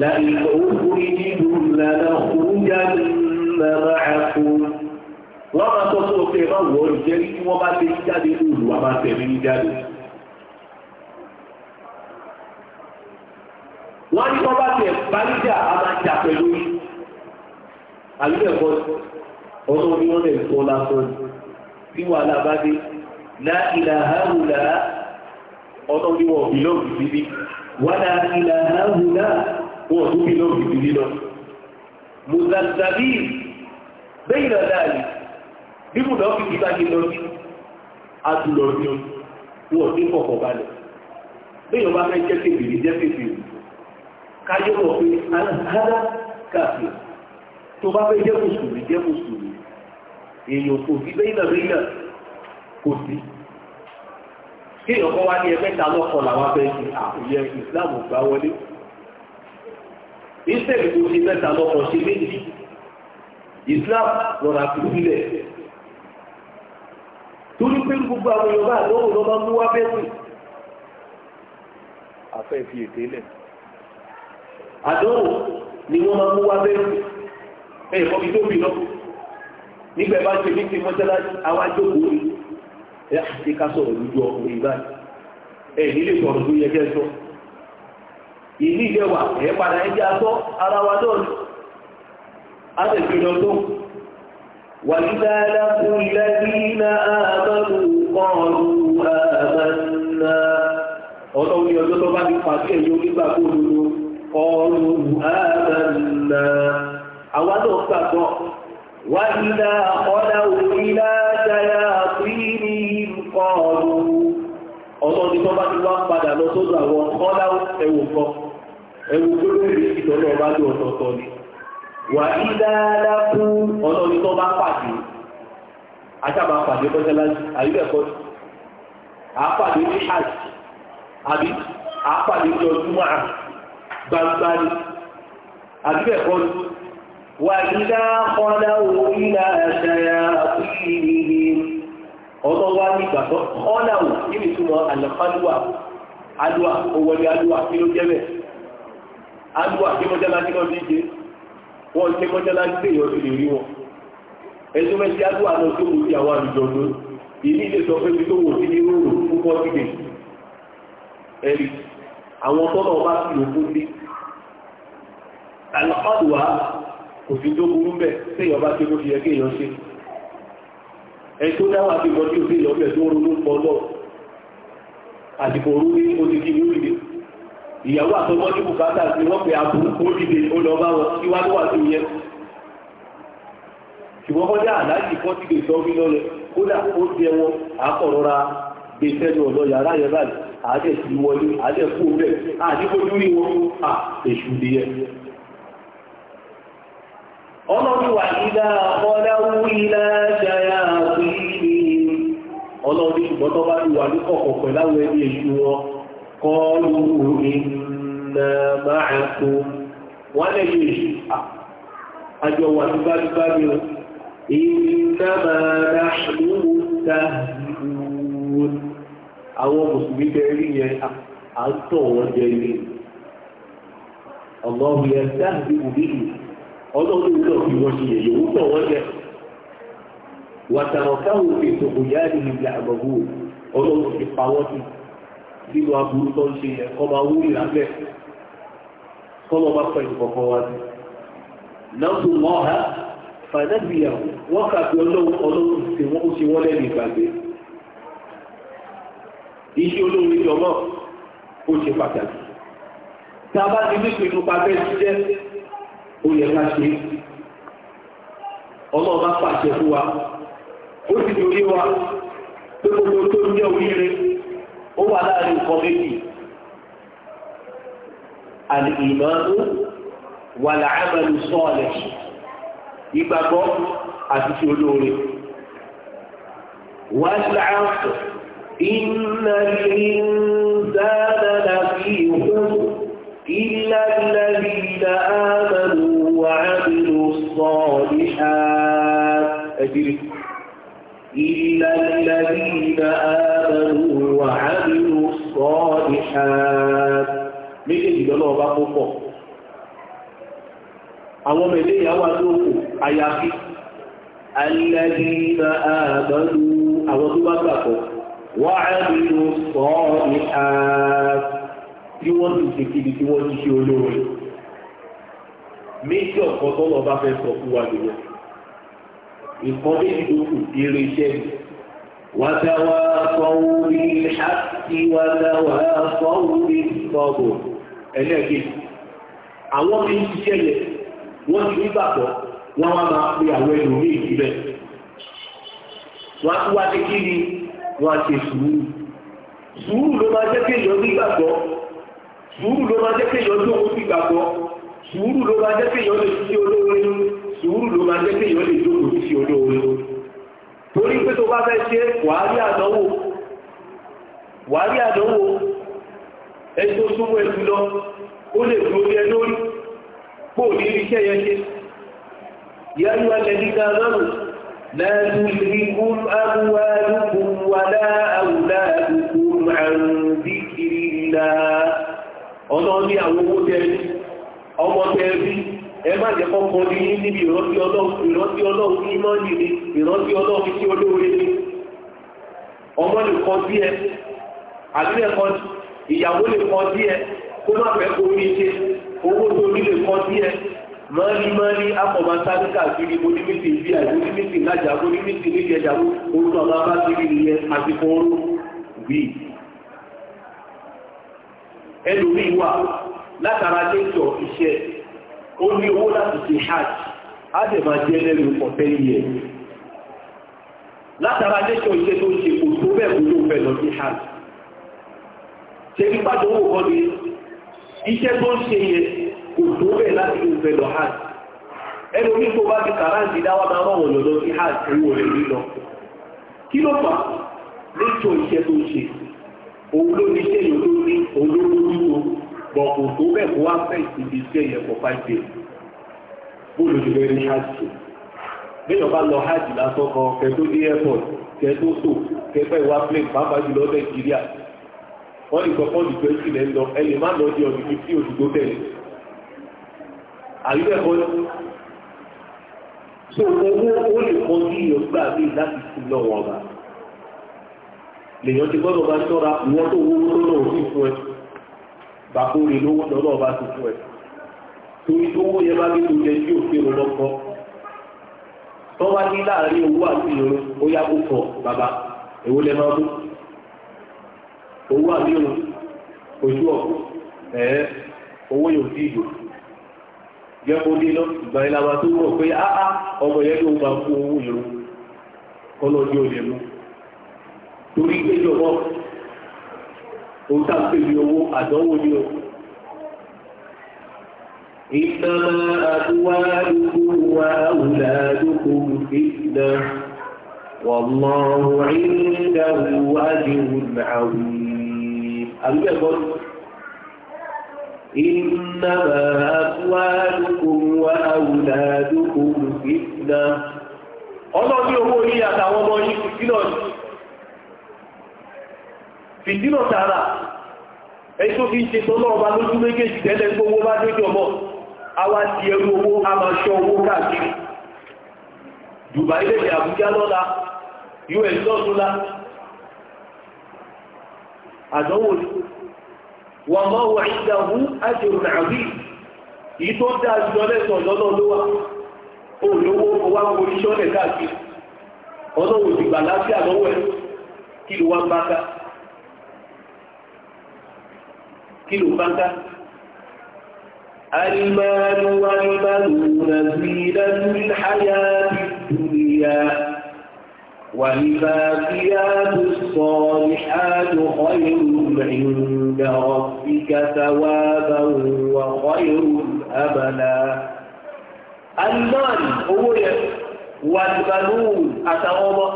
لئن أخرجتم لنخرجن معكم wọ́n máa tọ́ sí ọkẹ́ máa wọ̀ ọ́ ìjẹ́rí tí wọ́n bá ti jáde lóòlù àbá tẹ̀lé ní jáde. wọ́n á ní wọ́n bá tiẹ̀ balíjà a máa jà pẹ̀lú yìí àbíkẹ́kọ̀ọ́ ọ̀nà bí wọ́n lè kọ́ lásán tí wàhálà bá dé láìláhàrùlá ọ̀nà bí wọ́n bí lọ́ọ̀bì síbí wàhálà ìlàhàrùlá wọ́n tún bí lọ́ọ̀bì síbí lọ. mùsàlùsàbí bẹ́ẹ̀ lọ dáàlì bí mo lọ́ọ́ fi kí bá ti wọn ní kọ̀kọ̀ balẹ̀ bẹ́ẹ̀ lọ káyé wọ̀ pé aláhádá káfí tó bá fẹ́ jẹ́ mùsùlùmí jẹ́ mùsùlùmí èèyàn kò sí bẹ́ẹ̀ náà bẹ́ẹ̀ náà kò sí kí èèyàn kọ́ wá ní ẹgbẹ́ta lọ́kọ̀ làwọn afẹ́ ṣe àkùyẹ ìsìláàmù gbá wọlé ìsèlú kò sí mẹ́ta lọ́kọ̀ ṣe méjì ìsìláàmù lọ́ra fi sílẹ̀ torí pé gbogbo àwọn yorùbá àdéhùn lọ́ máa mú wá bẹ́ẹ̀ pè àfẹ́ fi ètè lẹ̀ àdánwò ni wọ́n máa mú wá bẹ́ẹ̀ ẹ̀yìn kan fi tóbi lọ nígbà bá ṣe ní ti mọ́ṣáláṣí àwọn ni ẹ̀ àti ká sọ̀rọ̀ lójú ọkùnrin báyìí nílé sọ̀rọ̀ tó yẹ kẹ́ sọ ìní ìjẹwà padà ara wa náà ni a sì fi lọ tó àbẹ̀rù kọ́ọ̀lù ọlọ́run ni ọjọ́ tó bá ti قالوا آمنا أولو فقط وإذا خلوا إلى شياطينهم قالوا ọ̀tọ̀ ni tó bá ti wá padà lọ sọ́dọ̀ àwọn kọ́lá ẹ̀wù kan ẹ̀wù gbólóhùn ìtọ́jú ọba ní ọ̀tọ̀ọ̀tọ̀ ni wà ní dáadáa fún ọ̀tọ̀ ni tó bá pàdé aṣáàbà pàdé mọ́ṣáláṣí àyíkẹ́kọ́ gbangba ni àbí ẹ̀kọ́ ni wà nílá kọ́lá òun ilá àṣàyà àkúṣìlì ọ̀dọ́ wa ní ìgbàgbọ́ kọ́lá òun nínú ìtumọ̀ àlọ́kọ́lùwà alúwà owó ni alúwà kí ló jẹ́ bẹ́ẹ̀ alúwà kí mọ́jálá kí lọ́ọ́ díje wọ́n ṣe mọ́jálá sí èèyàn ti lè rí wọn alọ́dùwà kò sí tó burú bẹ̀ tí ìyọba tí ó fi ẹgbẹ́ èèyàn ṣe ẹ tó dáwà tí ó sí ìlọ́bẹ̀ tó ronú pọ̀lọ́ àdìkò orú ní ó ní òrìdè ìyàwó àtọmọ́ ní wọ́n òrìdè sọ ó wọn àkọ̀rọ̀ra gbé sẹ́nu yàrá yẹn báyìí wọlé àdìkò Ọlọrụ wà ìdá ọ̀dáwú ilá ṣayá ya ọlọ́run ṣùgbọ́n Ọlọrụ bá ti wà ní kọ̀kọ̀ pẹ̀láwọ ẹbí èṣù wọn kọlu ìnà máa kó wọ́n lẹ́yìn èṣù àjọ wà ní bájúbájú ìnà máa ọlọ́run ló fi wọ́n ṣe yẹ̀yẹ̀ wọ́n tọ̀ wọ́n jẹ́ wàtàrọ̀ káwọn fi tòkò yáàdì ìgbà àgbọ̀gbò ọlọ́run ti pa wọ́n ti nínú aburú tó ń ṣe yẹ kọ́ máa wúrì lábẹ́ kọ́ lọ́ bá pẹ̀lú kọ̀ọ̀kan wá sí. náàbù mọ́ha fàdébìyà wọ́n kàbí ọlọ́run ọlọ́run ti wọ́n ṣe wọ́n lẹ́nu ìgbàgbé. iṣẹ́ olórin ìjọba ó ṣe pàtàkì. tá a bá ti ní pinnu pa bẹ́ẹ̀ ó yẹ ká ṣe ọlọ́ọ̀bá pàṣẹ fún wa ó sì torí wa pé gbogbo tó ń jẹ́ oríire ó wà láàrin nǹkan méjì àlìmọ́nú wà láàmàlú sọ́ọ̀lẹ̀ ìgbàgbọ́ àti ṣe olóore wà láàmù iná ìrìnzáàdà láti ìhùn ilẹ̀ ìlẹ̀ ìlẹ̀ ààrẹ. الذين آمنوا وعملوا الصالحات méjèèjì lọ́lọ́ ọba kó pọ̀ àwọn ọmọ ilé ìyàwó alóòkù àyàfi alẹ́dínà àbẹ̀lú àwọn tó bá gbàgbọ́ wà ábìlú sọ ní ààbò tí wọ́n ti ṣe kiri tí wọ́n ti ṣe olóore méjì ọ̀kan tọ́lọ́ ọba fẹ́ sọ fún wa nìyẹn ìkan méjì ló kù eré iṣẹ́ mi وتواصوا بالحق وتواصوا بالصبر ẹlẹ́gbẹ́ àwọn tí ń ṣiṣẹ́ wọ́n ti ní gbàgbọ́ wọ́n wá máa pe àwọn ẹlòmíì wọ́n wá kí ni wọ́n sùúrù sùúrù ló máa jẹ́ kéèyàn ní sùúrù ló máa jẹ́ kéèyàn ní òun sùúrù ló máa jẹ́ kéèyàn lè olóore sùúrù ló máa jẹ́ kéèyàn lè torí pé tó bá fẹ́ ṣe wàárí àdánwò wàárí àdánwò ẹni tó súnmọ́ ẹ̀sùn lọ ó lè dúró yẹ lórí pò ní iṣẹ́ yẹn ṣe yáyú alẹ́dígá lọ́rùn láàrín ìrìnkún amúwálùkún wà láàrùn àrùn díkìrì ìlà ọ̀nà ní àwọn owó tẹ́rí ọmọ tẹ́rí ẹgbà má jẹ́ ní níbi ìrántí ọlọ́run ìrántí ọlọ́run ní mọ́ọ̀nì ni ìrántí ọlọ́run tí olóore ni ọmọ lè kọ́ ẹ̀kọ́ ìyàwó lè kọ́ sí kó má fẹ́ kó ṣe owó tó ní lè ẹ mọ́ọ̀nì mọ́ọ̀nì akọ̀mọ́ sáríkà onímìtì onímìtì lájà onímìtì orúkọ nìyẹn bíi ẹlòmíì wà látara ó ní owó láti ṣe hajj a dẹ̀ máa jẹ́ lẹ́nu for ten years látara nation iṣẹ́ tó ń ṣe kò tó bẹ́ẹ̀ kó tó bẹ́ẹ̀ lọ sí hajj ṣe ní pàdánwò kan ní iṣẹ́ tó ń ṣe yẹn kò tó bẹ́ẹ̀ láti tó bẹ́ẹ̀ lọ hajj ẹni orí tó bá ti kàráǹtì dáwà máa rán wọn lọ sí hajj owó rẹ̀ lílọ kí ló fà nation iṣẹ́ tó ṣe òun ló ní iṣẹ́ yòó ló bọ̀kù tó bẹ́ẹ̀ kó wá fẹ́ ìsinmi iṣẹ́ yẹn for five days bóòlù ti lọ ní hajj lẹ́yìn bá lọ hajj lásán kan kẹ tó dé airport kẹ tó tò kẹ fẹ́ wá plane pàápàá jùlọ nàìjíríà wọ́n lè sọ fọ́ọ̀dù twenty lẹ́ lọ ẹni má lọ di ọdún fifty oṣù tó tẹ̀lé àyùbẹ̀ kọ́ so owó ó lè kọ́ sí ìyọ̀gbà mi láti fún lọ́wọ́ ọba lèyàn ti gbọ́dọ̀ bá ṣọ́ra wọ́n tó wó lọ́wọ́ òfin fún ẹ bàbá rẹ̀ lówó lọ́nà ọba tuntun ẹ̀ torí tó wó yẹ bá bí tó jẹ sí òfin lọ lọ́kọ́ tó bá ní láàrin owó àti ìrún ó yá kó kọ bàbá èwo lẹ máa mú owó àti ìrún ojú ọ̀pọ̀ ẹ̀ẹ́ owó yóò sí ìdò jẹ́ kó dé lọ ìgbà ìlànà tó rọ̀ pé áá ọmọ yẹn ló máa mú owó ìrún kọ́lọ́dé ò lè mú torí pé jọ̀wọ́ òun tá a pè ní owó àdánwò ní o. Ìtàmà àdúwádùkú wa àwùládùkú fìdá wàlọ́rù ìdáwù wájìwù nàáwì. Àbúgbẹ̀ kọ́ إنما أموالكم وأولادكم فتنة. Ọlọ́run owó yìí àtàwọn ọmọ yìí kìí náà fìdínà tààrà èyí tó fi ń ṣe tọ́lọ́ ọba lójú méjèèjì tẹ́lẹ̀ gbogbo bá dójú a àwa ti ẹrú owó a máa ṣọ owó káàkiri Dubai lèdè Àbújá lọ́la US lọ́túnla àdánwò ni wà máa wà ìdáhù àjẹrù nàbí yìí tó dáa jùlọ lẹ́sàn lọ́nà lówà olówó owó àwọn oníṣọ́lẹ̀ káàkiri ọlọ́wọ́ ìgbà láti àlọ́wọ́ ẹ̀ kí ló wá ń bá ká. كيلو فانتا المال والبنون زينة الحياة الدنيا والباقيات الصالحات خير عند ربك ثوابا وخير أملا المال هو والبنون أتوما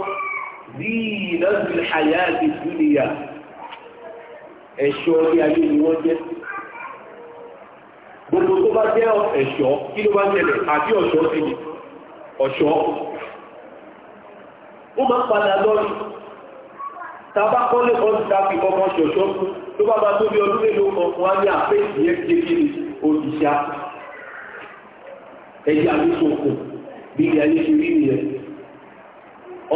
زينة الحياة الدنيا ẹ̀ṣọ́ orí ayé ni wọ́n jẹ́ gbogbo tó bá jẹ́ ẹ̀ṣọ́ kí ló bá tẹ̀lẹ̀ àbí ọ̀ṣọ́ ti ní ọ̀ṣọ́ ó máa ń padà lọ́rí tàbá kọ́lé kan ti dáfi ọmọ ṣọ̀ṣọ́ fún tó bá máa tóbi ọdún mélòó kan fún wa ní àpé ìyẹn ti kí ni òṣìṣà ẹ̀jẹ̀ àdúgbò kù bí ilé ayé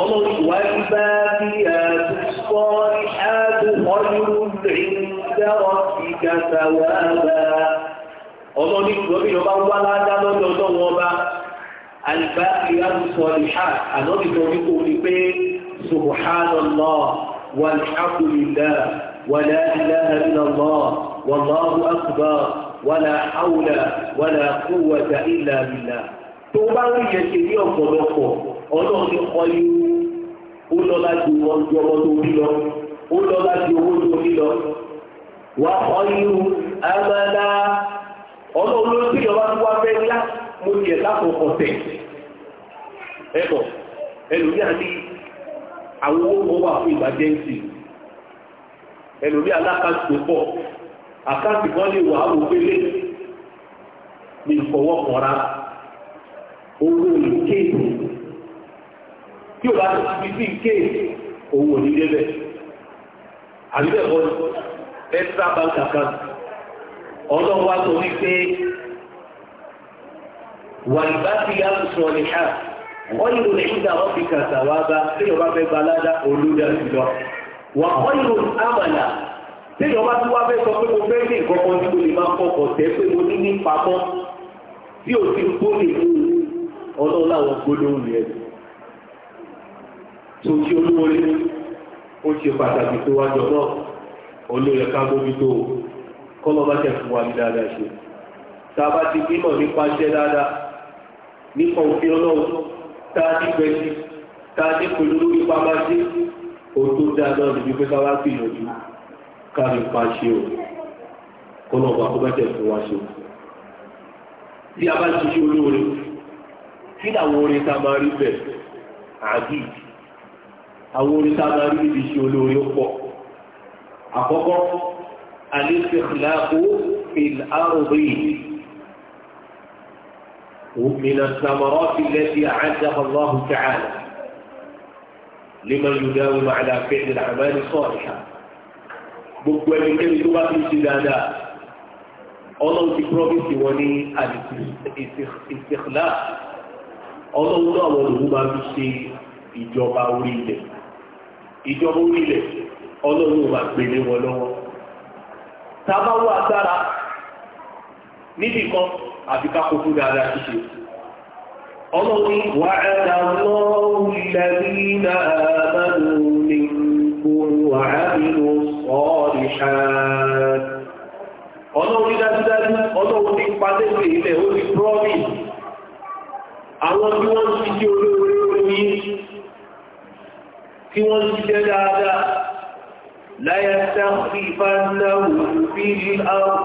ọlọ́run wá ní bá bí àtúnṣọ́ ìṣáàbù ọdún ìdáwọ̀ ìgbàta wà bá ọlọ́run ìgbọ́bí lọ bá wá ládá lọ́dọ̀ ọdọ́ wọn bá àlùbá ìyàtúnṣọ́ ìṣá ànọ́bìtọ́ ní kò ní pé subhanallah walhamdulillah wàlá ilaha illallah wallahu akbar wàlá hawla wàlá quwwata illa billah tó bá rí yẹn ṣe ní ọ̀pọ̀lọpọ̀ ọlọ́run ti kọ́ irú ó lọ láti ọjọ́ ọmọ tó bí lọ ó lọ láti owó tó bí lọ wà kọ́ irú amada ọlọ́run ló ti yọba tó wá fẹ́ ńlá mo tiẹ̀ lákòókò tẹ̀ ẹ̀kọ́ ẹlòmí àti àwọn owó wà fún ìbàjẹ́ǹsì ẹlòmí alákàtì tó pọ̀ àkáǹtì kan lè wà á wò pélé ní ìfọwọ́kànra owó ìkéèdì tí o bá tó ti fi ìkéèdì owó onídébẹ̀ àbíbẹ̀kọ́ extra bank account ọlọ́wọ́ tó ní pé wàlúbá ti yá sọ ní ṣá wọ́n yóò lè ṣúgbà wọ́n fi kàtà wá bá tí o bá fẹ́ balada olúdà jùlọ wà wọ́n yóò àmàlà tí o bá tí wá fẹ́ sọ pé mo fẹ́ ní nǹkan kan tí mo lè máa kọkọ̀ tẹ́ pé mo ní ní pamọ́ tí o ti gbó lè mú un ọlọ́run láwọn gbólóhùn yẹn tó kí olówó rí ó ṣe pàtàkì tó wájọ náà olóyè ká mójútó kọ́lọ́ bá tẹ̀ fún wa ní dáadáa ṣe tá a bá ti bímọ nípa iṣẹ́ dáadáa nípa òfin ọlọ́run tá a ní gbẹ̀sí tá a ní pẹ̀lú lórí pàmáṣí òun tó dáa náà níbi pé ká kó bá fún wa ṣe bí a bá ti ṣe olóore kí làwọn orin tá a máa rí bẹ̀ àbí àwọn orin tá a máa rí níbi iṣẹ́ olóore pọ̀ àkọ́kọ́ alẹ́sẹ̀kìláàkó ìlàrọ̀bì من الثمرات التي أعدها الله تعالى لمن يداوم على فعل الأعمال الصالحة gbogbo ẹnikẹ́ni tó bá fi ṣe dáadáa ọlọ́run ti promise wọn ní àdìsí ìsìkìlá ọlọ́run náà àwọn olùkú máa fi ṣe ìjọba orí ilẹ̀ ìjọba orí ilẹ̀ ọlọ́run ò máa gbélé wọn lọ́wọ́ tábà wọ agbára níbì kan àti kákó fún dáadáa ṣíṣe ọlọ́run wà á dá lọ́wọ́ ìlànà àbálò nìkún wà á nínú ọ̀ọ́dì ṣáà ọlọ́run dájúdájú ọlọ́run ní palẹ́gbẹ̀ ilẹ̀ ó àwọn tí wọ́n ti ṣe olóore orí tí wọ́n ti ṣe dáadáa láyé sáfì fáńdáwò fi ní àwọn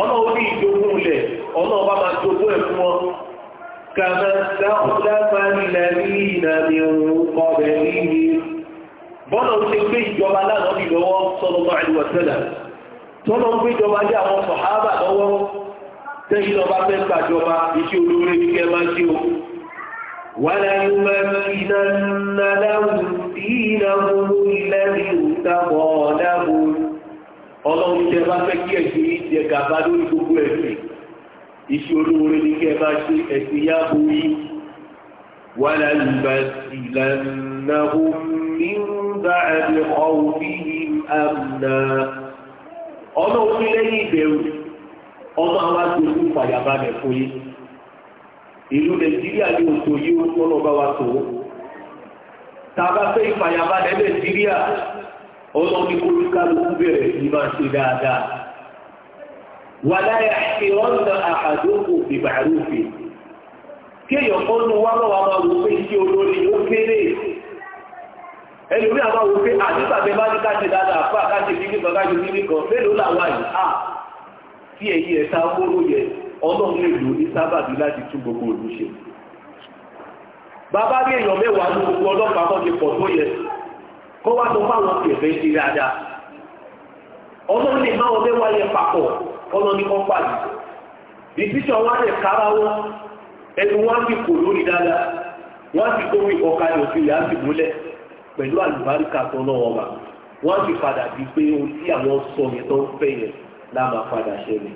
ọ̀nà orí ìjogún lẹ̀ ọ̀nà ọba máa jogún ẹ̀ fún wọn kàmá sáfùláfà nílẹ̀ ìlànà ọ̀bẹ̀ nílẹ̀ bọ́nà ṣe sẹ́yìn lọ́ba fẹ́ gbàjọba iṣẹ́ olóore ní kẹ́ máa ṣe o. wàlá yóò máa ń iná ńlá láwùn sí iná múlú ilẹ̀ ní ìtàbọ̀ ọ̀dàbò. ọlọ́run tẹ bá fẹ́ kí ẹ̀sìn yìí jẹ lórí gbogbo ẹ̀sìn. iṣẹ́ olóore ní kẹ́ máa ẹ̀sìn yá bóyí. wàlá yóò máa ń iná ńlá ní ba'di khawfihim amna. ọlọ́run lẹ́yìn ìbẹ̀rù ọmọ àwọn agbègbè ìfàyàbalẹ̀ fún yí ìlú nàìjíríà ní oṣù yí ó tọ́nà bá wa tó tàbá fẹ́ ìfàyàbalẹ̀ nàìjíríà ọlọ́ ní kólúkálukú bẹ̀rẹ̀ ní máa ṣe dáadáa wà láyà ṣe ọ̀nà àhàdókò ìbàrúfè kéèyàn kan nu wá lọ́wọ́ máa wò pé iṣẹ́ olórí ó kéré ẹlòmíà máa wò pé àdúgbàgbẹ́ bá ní ká ṣe dáadáa fún àkáṣe kíní kan káṣe kíní kan mélòó làwọn àyè tí èyí ẹ̀ ta wóró yẹ ọlọ́run lè lò ní sábàbí láti tún gbogbo òlú ṣe bàbá rí èèyàn mẹ́wàá ní gbogbo ọlọ́pàá kan ti pọ̀ tó yẹ kó wá tó fáwọn kẹfẹ́ ṣe dáadáa ọlọ́run lè máwọn mẹ́wàá yẹ papọ̀ kọ́ wá kára wọn ẹnu fi kò láàmà padà ṣẹlẹ̀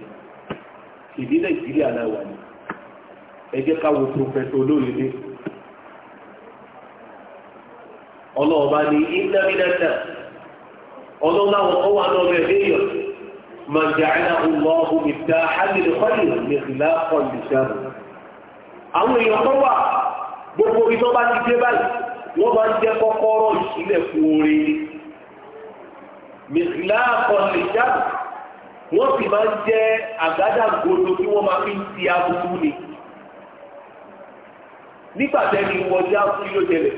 ìdí nàìjíríà náà wà ní ẹ jẹ́ ká wo pòfẹ́sọ olóòlédè ọlọ́ọ̀bá ní ìnáwínátà ọlọ́láwọ̀ ọwà náà bẹ̀ léèyàn máa jàánà ọlọ́ọ̀hún ìdá hálìlẹ̀ kọ́lì ní ìlà kọ́lì sáàmù àwọn èèyàn tó wà gbogbo ibi bá ti dé báyìí wọ́n bá ń jẹ́ kọ́kọ́rọ́ ìsílẹ̀ fún orin ní ìlà kọ́lì wọ́n sì máa ń jẹ́ àgádágodo tí wọ́n máa fi ń ti aburú ni nígbà tẹ́ni wọjá fún yóò tẹ́lẹ̀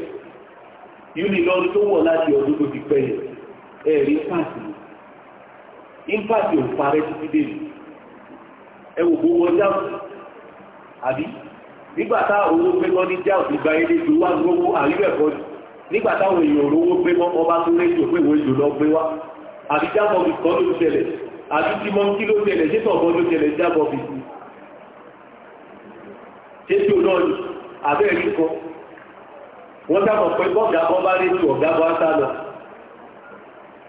yúni tó wọ̀ láti ọdún tó ti pẹ́ yẹn impati ìpàdé ìpàdé ò parẹ́ títí dé yìí ẹ wò bó fún àbí nígbà owó pé wọ́n ní ilé tó wà lówó nígbà táwọn èèyàn pé wọ́n bá tó àbí tí mọ́ kí ló tẹ̀lẹ̀ ṣé tọ̀bọ́ ló tẹ̀lẹ̀ jábọ̀ fi sí ṣé tí o náà ni àbẹ́ ẹ̀rí kan wọ́n dábọ̀ pé bọ́ọ̀gá kan bá rí ju ọ̀gá bá sá lọ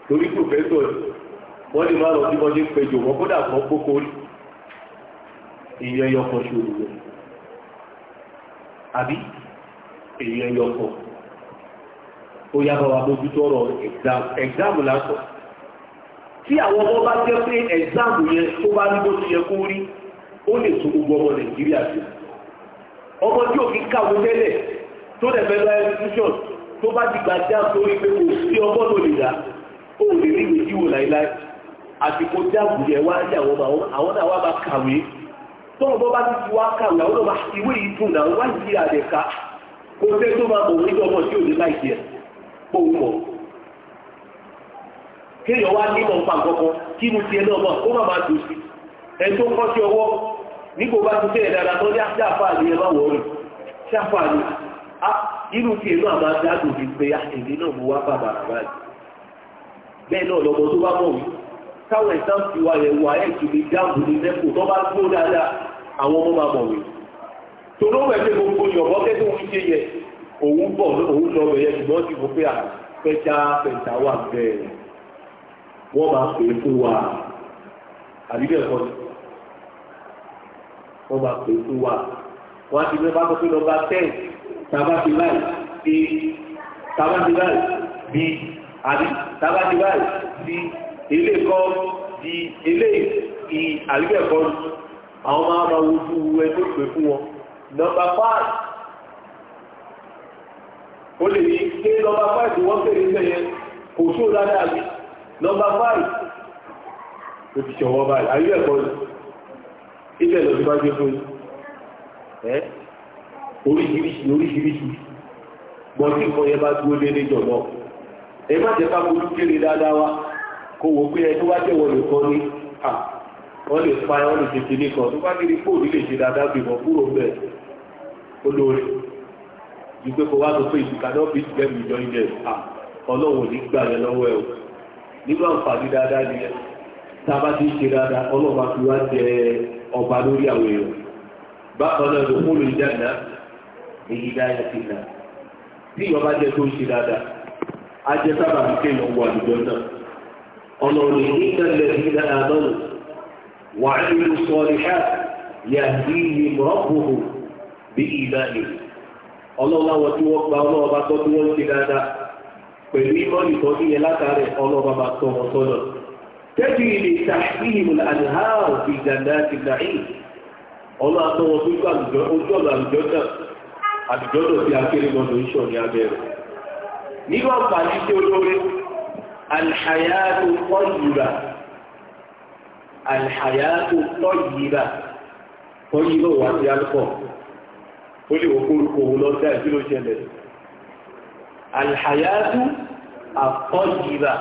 torí pòfẹ́sọ̀ wọ́n lè má lọ sí mọ́jú péjọ wọn kódà kan kókó rí ìyẹn yọkọ̀ ṣòro rẹ̀ àbí èyí ẹyọ kan ó yá bá wa bójú ọ̀rọ̀ exam lásán tí àwọn ọmọ bá jẹ́ pé ẹ̀sáàmù yẹn tó bá rí bó ti yẹ kó rí ó lè tún gbogbo ọmọ nàìjíríà sí ọmọ tí òfin káwọn tẹ́lẹ̀ tó lẹ̀ fẹ́ lọ institution tó bá ti gbà jáàm torí pé kò sí ọmọ tó lè dá ó lè rí ìwé jíwò láíláí àsìkò jáàmù yẹn wá ní àwọn ọmọ àwọn náà wá máa kàwé tó ọmọ bá ti wá kàwé àwọn náà ìwé yìí dùn náà wá yìí àdẹ̀ka kò tẹ́ tó máa mọ̀ wọ́n ọmọ tí ò kéèyàn wá ní ìmọ̀ nǹkan kọ̀ọ̀kan kí inú tiẹ̀ náà mọ̀ kó má máa dùn sí ẹ̀ tó kọ́ sí ọwọ́ nígbò bá ti tẹ́lẹ̀ dára tó ní àfáà ní ẹmà wọ̀ọ́rùn ṣáfáà ní inú tiẹ̀ náà máa dáàbò ní pé àtẹ̀lé ah, náà mú wá bàbà rárá yìí bẹ́ẹ̀ náà lọ́mọ tó bá mọ̀ wí táwọn ẹ̀sán ti wá rẹ̀ wà ẹ̀ tù ní dáàbò ní lẹ́kọ̀ọ́ tó bá gbó dáadáa àwọn ọmọ máa mọ̀ wí tòró wẹ̀ pé gbogbo yọ̀bọ́ kẹ́kọ̀ọ́ ń ṣe yẹ òun bọ̀ òun lọ wọ́n máa pè fún wa àbíbẹ̀ ẹ̀kọ́ ni wọ́n máa pè fún wa wọ́n á ti mẹ́fà tó fi nọ́mbà ten tàbá ti báyìí a tàbá ti báyìí b àbí tàbá ti báyìí c ilé kọ́ di ilé i e, àbíbẹ̀ ẹ̀kọ́ ni àwọn máa ma wojú ẹgbẹ́ pè fún wọn nọ́mbà five ó lè ní ṣé nọ́mbà five wọ́n pè ní sẹ́yẹn kò sóò dáadáa bíi nọmba five ó ti ṣọwọ́ báyìí ayé ẹ̀kọ́ ìṣẹ̀ lọ sí bá gbé fún ẹ́ oríṣiríṣi oríṣiríṣi gbọ́n tí nǹkan yẹn bá dúró dédé jọ náà ẹ má jẹ́ ká fojú kéré dáadáa wá kó wò pé ẹni wá jẹ́wọ́ nìkan ní à wọ́n lè pa ẹ́ wọ́n lè tètè nìkan tó bá kiri kó òní lè ṣe dáadáa bí wọ́n kúrò bẹ́ẹ̀ olóore ju pé kó wá sọ pé ìdìkadọ́ fi jẹ́ mi jọ ilẹ̀ à ọlọ́wọ́ ní gbà yẹn lọ́wọ́ ẹ̀ o. nínú àǹfààní dáadáa ni tábà ti ṣe dáadáa ọlọ́ọ̀bá fi wá jẹ ọba lórí àwọn èèyàn bákan náà ló kúrò ìjànà èyí dáyà ti nà tí ìyọba jẹ tó ń ṣe dáadáa á jẹ sábà kéèyàn wọ àdúgbò náà bí tí wọ́n gba pẹ̀lú ìmọ̀lì kan níyẹn látàrí ọlọ́ba máa tọ́ wọn sọ́nà. tẹ́jú ilé tàbíhìm àdìháàrù fi jàǹdà ti dàí ọlọ́ àtọ́ wọn tó gbà ojú ọ̀nà àlùjọ náà àlùjọ náà ti akérèmọ́dọ̀ ń ṣọ̀ ní abẹ́ rẹ̀. nínú àǹfààní tí olóore alhayatu tọ́yìbà alhayatu tọ́yìbà tọ́yìbà wà lọ́sẹ̀ àti ṣẹlẹ̀ alhayatu àfọ́jìbà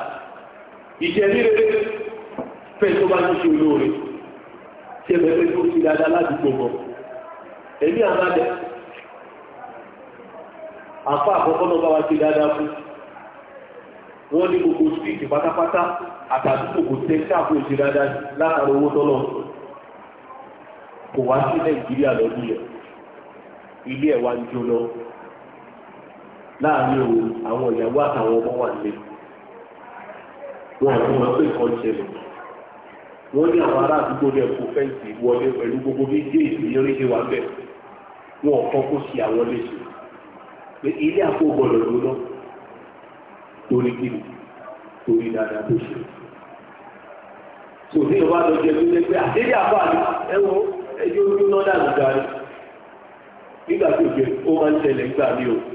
ìjẹ̀rí rere fẹ́ tó bá ní ṣe olóore tí ẹ bẹ̀rẹ̀ tó fi dáadáa láti gbogbo ẹ̀mí àmàlẹ̀ àfọ́ àkọ́kọ́ náà bá wa ṣe dáadáa fún wọ́n ní gbogbo stíìtì pátápátá àtàdé gbogbo tẹ́ńtà fún dáadáa látara owó tọ́lọ̀ láàrin òun àwọn ìyàwó àtàwọn ọmọ wà lé wọn fún wọn pé kan ṣẹlẹ̀ wọn ní àwọn ará àdúgbò ní fẹǹsì wọlé gbogbo wọn kọ kó ṣe àwọn léṣe pé ilé àpò gbọ́dọ̀ ló lọ torí kiri torí dáadáa tó ṣe ìwà lọ jẹ ẹwọ ojú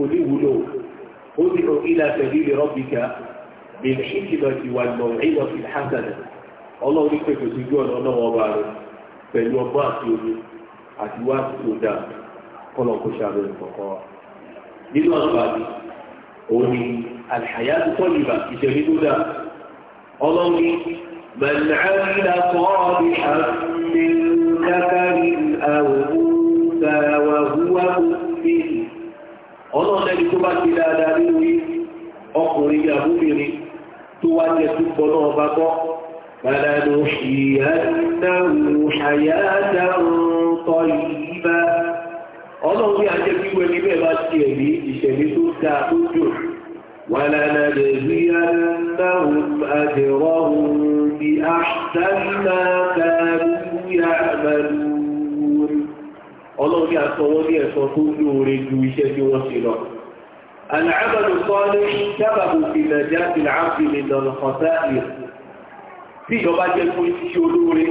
kò ní wúlò ó ní o ilà tẹ̀lé ilé rọ́bìkà bí ní ìkìlọ̀ ìwà ìmọ̀ ìlọ̀ fi hásàdà ọlọ́run ní pẹ̀lú ojú ọ̀nà ọlọ́wọ́ ọba rẹ̀ pẹ̀lú ọgbọ́n àti omi àti wá sí ọjà kọlọ̀ kó ṣàrò ìkọ̀kọ́ nínú àǹfààní òun ni àlàyé àtúntọ́ ìbà ìṣẹ̀lẹ̀ tó dà ọlọ́run ní من عمل صالحا من ذكر أو أنثى وهو مؤمن ọ̀nà lẹ́ni tó bá ti dáadáa nínú ọkùnrin àbúbìnrin tó wá jẹ túbọ̀ náà bá gbọ́ bàdánù ìyáàdáwò àyáàdáwò tọ́ yìí bá ọlọ́run ní ajẹ́ bá ti ẹ̀mí ìṣẹ̀lẹ̀ tó dáa tó jò wà lánàá lè rí àdáwò ọlọ́run ní aṣọ wọn ní ẹ̀sọ́ tó lóore ju iṣẹ́ tí wọ́n ṣe lọ. àlàábàdù sọ́ọ́lé sábàbù fìlàjá fìlàáfì lè lọ́nà kọ̀sáàlì tí ìjọba jẹ́ fún iṣẹ́ olóore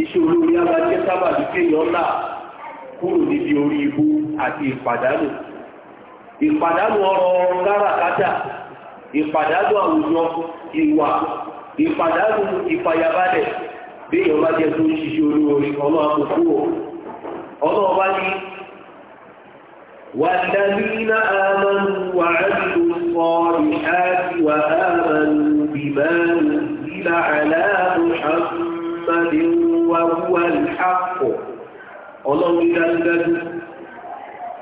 iṣẹ́ olóore á máa jẹ́ sábàbù kéèyàn là kúrò níbi orí ibú àti ìpàdánù ìpàdánù bí ìyọ̀bá jẹ́ tó ń ṣiṣẹ́ olóore ọlọ́run kò kúrò ọlọ́ọ̀bá ní والذين آمنوا وعملوا الصالحات وآمنوا بما نزل على محمد وهو الحق ọlọ́run dájúdájú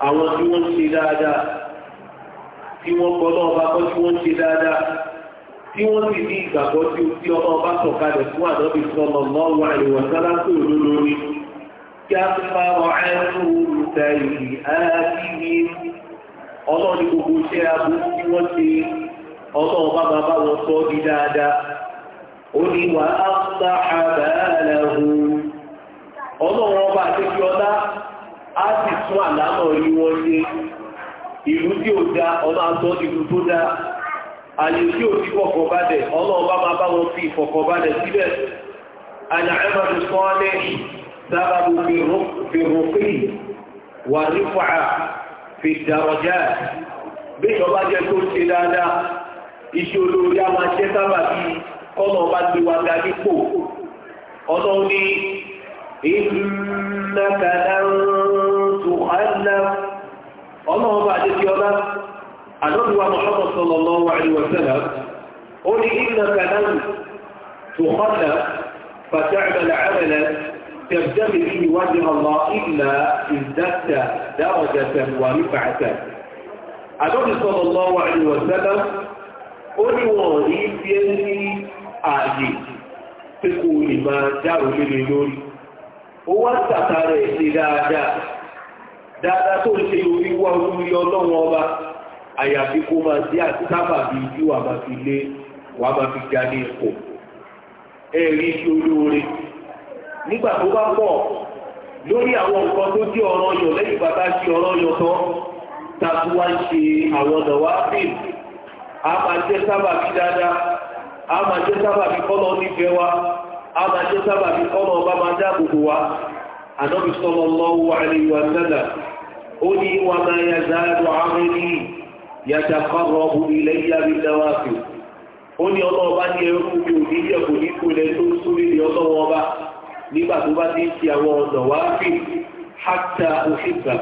àwọn tí wọ́n ṣe dáadáa tí wọ́n kọ́ náà kọ́ tí wọ́n ṣe dáadáa tí wọ́n sì ní ìgbàgbọ́ tí ó tí ọmọ bá fún àdọ́bí sọ́nà mọ́ wà كفر عنهم سيئاتهم ọlọ́ọ̀ni gbogbo iṣẹ́ aburú tí wọ́n ṣe bá bàbá wọn dáadáa ó ní wà á sá àbáàlẹ̀ ọ̀hún ọba á sì tún àlámọ̀ wọn ṣe ìlú tí ò da ọlọ́ ìlú tó da سروا في الرقي والرفعة في الدرجات bí ọba jẹ́ tó ṣe dáadáa iṣẹ́ olórí a máa ṣe sábà bí kọ́nà ọba ti wà ga dípò ọ̀nà ní ìnákàdá tó àìlá ọ̀nà ọba àdébí ọlá àdọ́dúwà Muhammad sallallahu alaihi wa sallam ó ní ìnákàdá tó àìlá fàtàkàlà àmàlà تبتغي به وجه الله إلا ازددت درجة ورفعة Àdọ́bì sallallahu alaihi wa sallam, ó ní wọ̀n rí fi ẹ́ ní ààyè tí kò lè máa dárò lélẹ̀ lórí. Ó wá tàtà rẹ̀ ṣe dáadáa. Dáadáa tó ń ṣe orí wá orí ọlọ́run ọba, àyàfi kó fi nígbà tó bá pọ̀ lórí àwọn nǹkan tó jẹ́ ọ̀rọ̀ yọ lẹ́yìn bàbá ṣe ọ̀rọ̀ yọ tán tàbí wá ń ṣe àwọn a máa jẹ́ sábà bí dáadáa a máa jẹ́ sábà bí kọ́nà wa a máa jẹ́ sábà bí kọ́nà ọba máa dáàbòbò wa ànábì sallallahu alaihi wa sallam ó ní wa máa záàdù ó ní ní ẹrú mi ò ní ọba nígbà tó bá ti ń ṣe àwọn ọ̀nà wá fi hátà òṣìgbà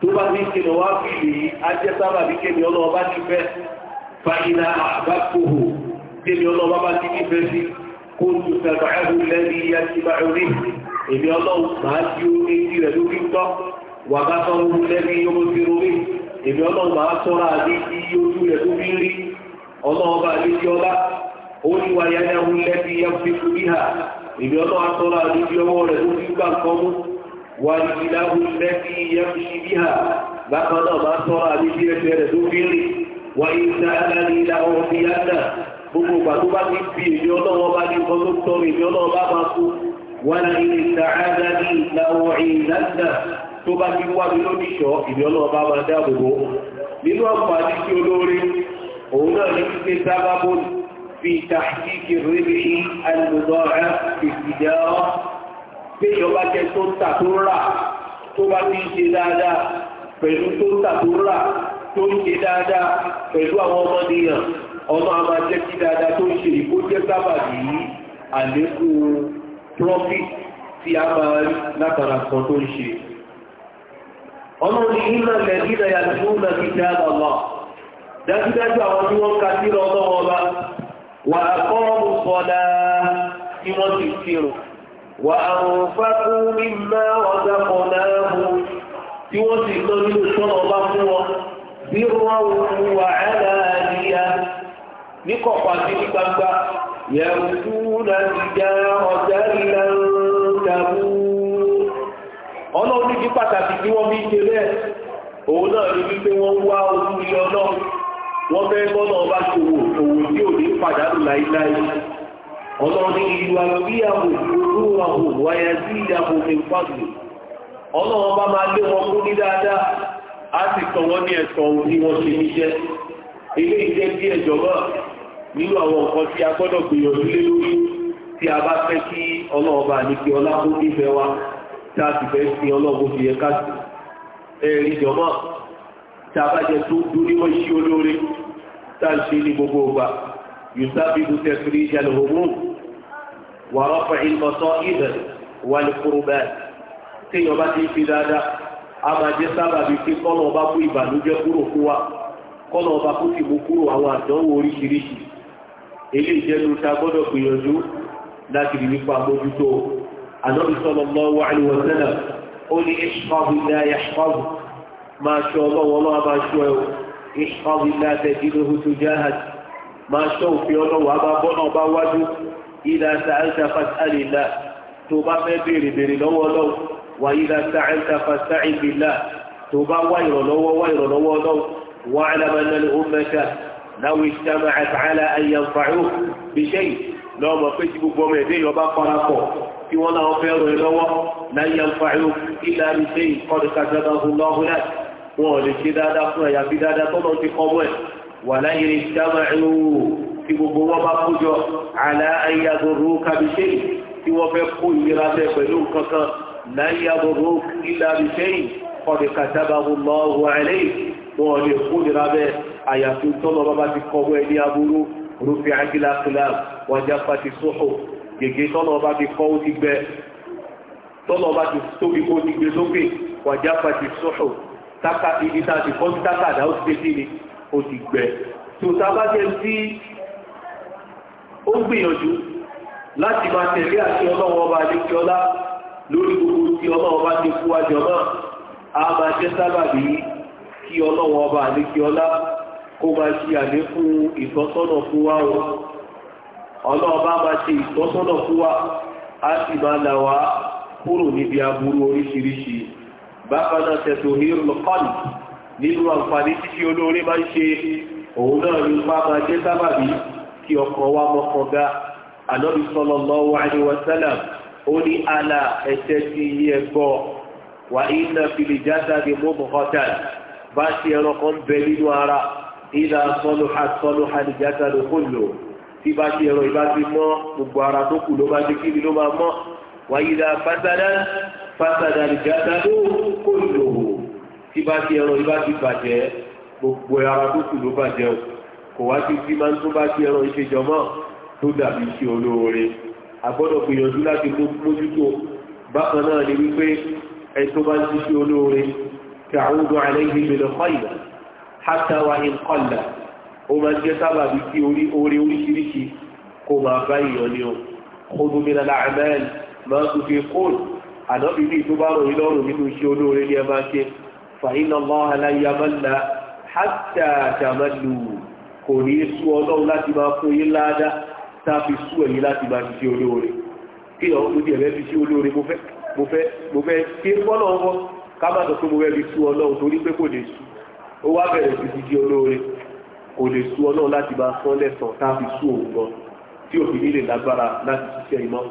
tó bá ti ọba ṣe fi ajẹ́ sábà bí kémi ọlọ́wọ́ bá ti fẹ́ fàyínà àbákòhò kémi ọlọ́wọ́ bá ti nífẹ̀ẹ́ sí kó tù ẹ̀hùn lẹ́ni ya ti bá rí èmi ọlọ́wọ́ máa di orí ti rẹ̀ lórí tọ́ wà bá tọ́ ìbí ọmọ atọ́lá níbi ọwọ́ rẹ̀ tó fi gbà kọ́ mú wà ní ìdáhùn lẹ́bí yẹ́mùsí bí hà bákan náà máa tọ́lá níbi ẹgbẹ́ rẹ̀ tó fi rìn wà ní ìta aláàrí ìdáhùn ọmọ ìyá náà gbogbo ìgbà tó bá ti fi èmi ọlọ́wọ́ bá ní nǹkan tó tọ́ èmi ọlọ́wọ́ bá máa kú wà ní ìta aláàrí ìdáhùn ìyá tó bá ti wá mi lóníṣọ́ èmi ọlọ́wọ́ bá máa dáàbò في تحقيق الربح المضاعف في التجارة في jẹ tó ń tà tó rà tó bá ti ń ṣe dáadáa pẹ̀lú tó ń tà tó rà tó ń ṣe dáadáa pẹ̀lú àwọn ọmọ a máa jẹ́ tó ń ṣe ìkó jẹ́ sábàbí àlékún profit tí a máa rí látara kan tó ń ṣe. ọmọ ní iná lẹ́dínà yàtúndà ti dáadáa lọ dájúdájú àwọn tí wọ́n ka sí lọ́wọ́ ọba wà á kọ́ ọ́nù sọ́dá tí wọ́n ti kírun wà á rùn fákú mímá ọ̀gá kan náà mú wọ́n ti nínú sọ́nà ọba fún wọn bí wọ́n wù wà ní ní gbangba yẹ̀rù láti já ìlà ọlọ́run ní pàtàkì tí wọ́n fi ń ṣe bẹ́ẹ̀ òun náà ní wípé wọ́n wá ojú wọ́n fẹ́ bọ́nà ọba ṣòwò òwò tí ò ní pàdánù láíláí ọlọ́run ìlú àgbéyàwó olúwàwò wáyà sí ìyàwó ìfàgbé ọlọ́run bá máa lé wọn kú ní dáadáa á tọ̀ wọ́n ní ẹ̀sọ̀ ohun tí wọ́n ṣe níṣẹ́ ilé iṣẹ́ ẹ̀jọ̀gbọ́ nínú àwọn nǹkan tí a gbọ́dọ̀ gbìyànjú lé lórí tí a bá fẹ́ kí ní kí ọlá a sì tá a bá jẹ tó dúró wọ́n ṣí olóore tá a ṣe ní gbogbo ọgbà yusabibu tafrija al-humum wa raf'a al-masa'ib wal-kurbat téèyàn bá ti ń fi dáadáa a máa jẹ́ sábàbí pé kọ́nà ọba kú ìbànújẹ́ kúrò fún wa kọ́nà ọba kú sì mú kúrò àwọn àdánwò oríṣiríṣi eléyìí jẹ́ ta gbọ́dọ̀ gbìyànjú láti rí nípa mójútó Ànábì sallallahu alaihi wa ó ní ishqahu la yahqahu máa ṣọ́ ọlọ́wọ́ ọlọ́wọ́ máa ṣọ́ ẹ o ìṣọ́bí láti ẹ̀dínlẹ̀ oṣù jahad máa ṣọ́ òfin ọlọ́wọ́ a máa bọ́ náà bá wájú ìlà sàáńtà fásitálìlá tó bá fẹ́ béèrè béèrè lọ́wọ́ ọlọ́wọ́ wà ìlà sàáńtà fásitálìlá tó bá wá ìrànlọ́wọ́ wá ìrànlọ́wọ́ ọlọ́wọ́ wà àlàmánà ọmọkà láwọn ìṣàmà àtàlà àyànfààrù bìṣẹ́yì lọ́mọ pé tí gbogbo ọmọ ẹ̀dẹ́ yọba parapọ̀ náà fẹ́ lọ́hùn náà wọn ò lè ṣe dáadáa fún ẹ̀yà bí dáadáa tọ́lọ́ ti kọ́ mọ́ ẹ̀ wà láyé ní dámà ẹ̀rù tí gbogbo wọn bá kójọ àlá ayélujára kábíṣe tí wọ́n fẹ́ kó ìlera bẹ́ẹ̀ pẹ̀lú nǹkan kan láyé agogo ìlà àbíṣe kọ́ni kàtàbà lọ́wọ́ àlẹ́ wọn ò lè kó ìlera bẹ́ẹ̀ àyàfi tọ́lọ́ bá bá ti kọ́ mọ́ ní aburú rúfin àgìlá kìlá wájà pàtì sóhò gègé tọ́lọ́ bá ti kọ́ ó ti gbẹ tọ́lọ́ bá ti tóbi kó ti gbé sókè wájà pàtì sóhò táka ibi tá a ti kọ́ sí tákàdá ó ti dé sí ni ó ti gbẹ tó sábà jẹ sí ó gbìyànjú láti máa tẹ̀lé àti ọlọ́wọ́ ọba adékiọlá lórí gbogbo tí ọlọ́wọ́ bá ti kú wájọ a máa jẹ́ sábàbí kí ọlọ́wọ́ ọba adékiọlá kó máa ṣe àlékún ìtọ́sọ́nà fún wa o ọlọ́wọ́ bá máa ṣe ìtọ́sọ́nà fún wa a sì máa là wá kúrò níbi aburú oríṣiríṣi bákan náà tẹ̀sù hírù lọ́kọ́nì nínú àǹfààní títí olóore máa ń ṣe òun náà ní ipá máa jẹ́ sábàbí kí ọkàn wa mọ́kàn ga ànábì sallallahu alaihi wa sallam ó ní àlà ẹ̀sẹ̀ ti yí ẹ gbọ́ wà inna fil jasadi mudghatan bá ṣe ẹranko ń bẹ nínú ara ìlà sọlùhà sọlùhà ní jasadu kullu fásitì àdìgbàdàdó kò lòwò tí bá ti ẹran ibà ti bàjẹ́ gbogbo ara tó kù ló bàjẹ́ o kò wá sí tí máa ń tó bá ti ẹran ìṣèjọmọ́ tó dàbí iṣẹ́ olóore agbọ́dọ̀ gbìyànjú láti mójútó bákan náà ni wípé ẹni tó bá ń ṣiṣẹ́ olóore kí àwọn ọdún àlẹ́yìn ìgbìmọ̀ kọ́ìlà hátà wa ní kọ́ìlà ó máa ń jẹ́ sábàbí kí orí oore oríṣiríṣi kó máa bá ìyàn ni o kó gómìnà làmẹ́ẹ̀lì máa tún fi kóòlù ànábì ní tó bá ròyìn lọ́rùn nínú iṣẹ́ olóore ní ẹ máa ṣe fàyínà mọ́ aláyàmọ́lá hátà àjàmọ́lù kò ní sú ọlọ́run láti máa fún yín ládá tá a fi sú ẹ̀yìn láti máa ṣiṣẹ́ olóore kí lọ́wọ́ tó díẹ̀ fi ṣe olóore mo fẹ́ mo fẹ́ mo fẹ́ ṣe fọ́nà ọwọ́ ká má sọ pé mo fẹ́ fi sú ọlọ́run torí pé kò lè sú ó wá bẹ̀rẹ̀ sí ti di olóore kò lè sú ọlọ́run láti máa sán lẹ́sàn tá sú òun gan tí òfin nílè lágbára láti ṣiṣẹ́ ìmọ̀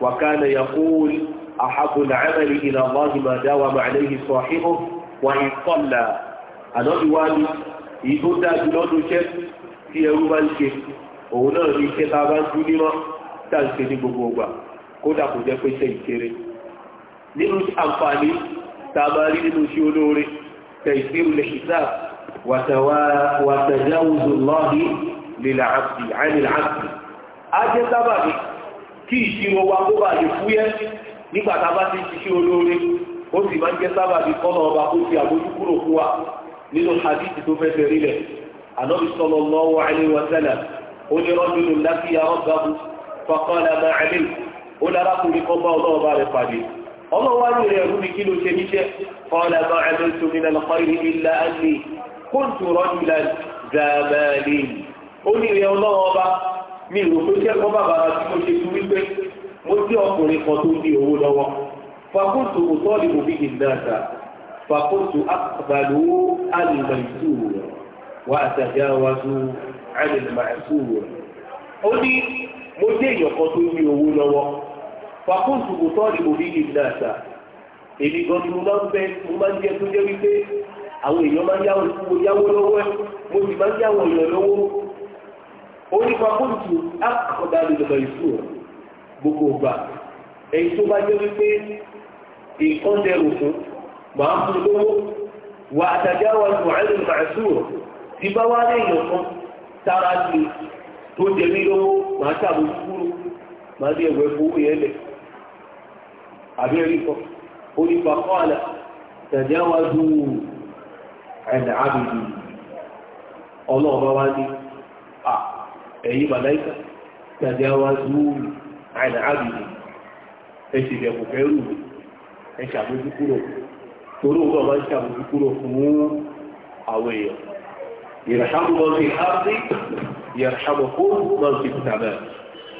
wàkánà yàkóòlì أحب العمل إلى الله ما داوم عليه صاحبه وإن صلى ànọ́bí wá ní èyí tó dájú lọ́dún iṣẹ́ tí ẹrú bá ń ṣe òun náà ní iṣẹ́ tá a bá ń dún nímọ́ tá à ń ṣe ní gbogbo ọgbà kódà kò jẹ́ pé iṣẹ́ ìkéré nínú àǹfààní tá a máa rí nínú iṣẹ́ olóore tẹ̀síru lè ṣìṣà wàtàjáwùzù lọ́ọ̀hí lílà àbdì àìlè àbdì á jẹ́ sábàbí kí ìṣirò wa kó bá lè fúyẹ́ nígbà tá a bá ti ń ṣiṣẹ́ olóore ó sì máa ń jẹ́ sábàbí kọ́nà ọba kó fi àbójúkúrò fún wa nínú hadithi tó fẹsẹ̀ rílẹ̀ anabi sallallahu alaihi wa sallam ó ní rọ́dúnú lákìyà ọ̀gábu faqala ma alim ó lára kò ní kọ́bá ọlọ́ọ̀bá rẹ̀ pàdé ọlọ́wà ní rẹ̀ rú kí ló ṣe níṣẹ́ qala ma amiltu mo jẹ́ ọkùnrin kan tó ní owó lọ́wọ́ fàkóso òtọ́ọ̀lì òbí ìdáta fàkóso àbàlù alìmọ̀ìsúwò wà àtàjáwájú alìmọ̀ìsúwò. ó ní mo jẹ́ èèyàn kan tó ní owó lọ́wọ́ fàkóso òtọ́ọ̀lì òbí ìdáta èmi gan ni mo máa ń bẹ mo máa ń jẹ tó jẹ́ wípé àwọn èèyàn máa ń yáwó mo yáwó lọ́wọ́ ẹ̀ mo sì máa ń yáwó èèyàn lọ́wọ́ ó ní fàkóso àbàlù alìmọ̀ìsúwò gbogbo gbà èyí tó bá jẹ́ wípé nǹkan dẹrù fún màá fún lówó wà àtàjà wà mọ̀ẹ́lì màṣúrò tí bá wá lé èèyàn kan tára sí tó jẹ mí lówó màá ṣàbójú kúrò màá ní ẹ̀wẹ̀ fowó yẹn lẹ̀ àbí ẹ̀rí kan ó ní pàkọ́ àlà tàjà dùn ẹ̀dà àbìdì ọlọ́ọ̀bá wá ní à ẹ̀yìn màláìkà tàjà dùn àìnà àbìyí ẹ̀ṣẹ̀ ìdẹ̀kù fẹ́rù ẹ̀ṣẹ̀ àmójúkúrò torí òun náà máa ń ṣe àmójúkúrò fún àwọn èèyàn ìrìnàṣàmù wọn fi hábí ìrìnàṣàmù fún wọn fi tàbẹ̀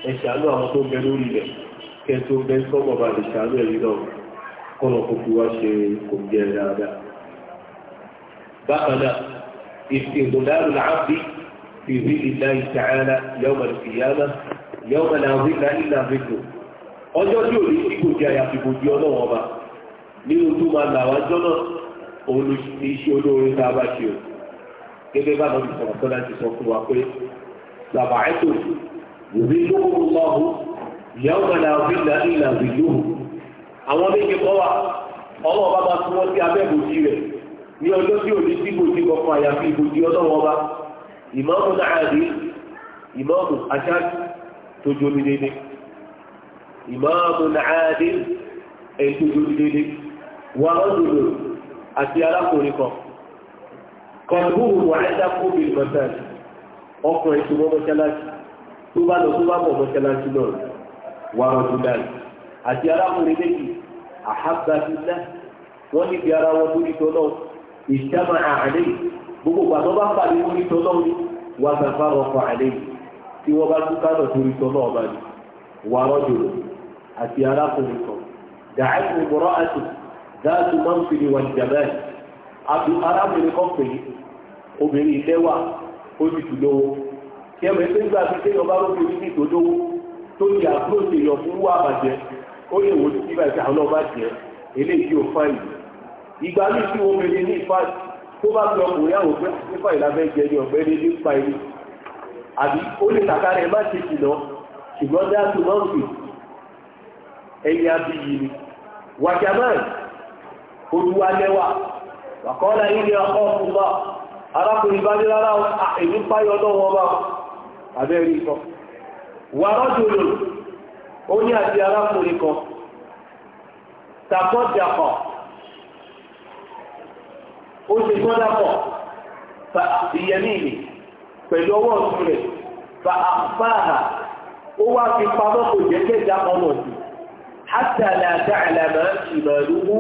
ẹ̀ṣẹ̀ àánú àwọn tó bẹ lórí rẹ̀ kẹ́ tó bẹ sọ́mọ̀ bá lè ṣàánú ẹ̀rí náà kọ́nà kó fi wá ṣe kò jẹ́ dáadáa bákan náà ìsìn ìdòdárò làábí fi rí yọmọ ìfìyàmá yawma la dhilla illa dhilluh ọjọ́ tí ò ní sí gòkè àyàfi gòkè ọlọ́wọ́n ọba nínú tó máa là wá jọ́nà òun ní iṣẹ́ olóore tá a bá ṣe o gẹ́gẹ́ bá lọ́dún sọ̀rọ̀ tó láti sọ fún wa pé bàbá ẹ̀tò òbí lóhùn lọ́hùn ìyàwó kan náà fi là ní àwọn méje kọ́ wa ọmọ ọba máa fún wọn sí abẹ́ rẹ̀ ní ọjọ́ tí ò ní sí gòkè kankan àyàfi ìbòjì ọlọ́wọ́n ọba tó jó ní dédé ìmáàmù nàáàdé ẹni tó jó ní dédé wà ó lòlò àti alákùnrin kan kọ̀ọ̀bùrù wà ẹ́dá kóbi mọ́sáàsì ọkọ̀ ètò mọ́ mọ́sálásì tó bá lọ tó bá bọ̀ mọ́sálásì náà wà ó àti alákùnrin méjì àhábàtìlá wọ́n ní bí ara wọn lórí tọ́lọ́ ìjámà àlẹ́ gbogbo àtọ́ bá pàdé lórí tọ́lọ́ wà bàbá ọkọ̀ àlẹ́ yìí tí wọ́n bá túkàtọ̀ torí sọ náà bá ní wà rọ́jòló àti arákùnrin kan dàáìkù mọ́rọ́ àti dáàtú máa ń fi ní wà jàmẹ́ àti arábìnrin kan pè é obìnrin ìlẹ́wà ó ti tù lówó kẹmẹ tó gbà fi kéèyàn bá lóbi ní ìtòdówó tó ti àpúròsì èèyàn fún wà bàjẹ́ ó lè wò sí ibà ìta ọlọ́ bàjẹ́ eléyìí ò fáyì ìgbà ní tí obìnrin ní ìfà tó bá gbé ọkùnrin àwọn òfin nípa ìlàbẹ́ jẹ ní ọ̀gbẹ́ni nípa àbí ó lè kàkà rẹ̀ má ṣe kìlọ̀ ṣùgbọ́n dá tó máa ń pè ẹ̀yìn abiyì ni wàjàmáà olúwa lẹ́wà wàkọ́lá ilé ọkọ̀ fún bá arákùnrin bá ní èyí páyọ lọ́wọ́ bá abẹ́rí sọ wà rọ́jòlò ó ní àti arákùnrin kan tàkọ́jàpọ̀ ó gbọ́dàpọ̀ ìyẹ̀mí ìlú pẹ̀lú ọwọ́ ọ̀tún rẹ̀ fa àfáàhà ó wá fi pamọ́ kò jẹ́ kẹjà ọmọ sí hátà làdá àlàmà ìmọ̀lúwú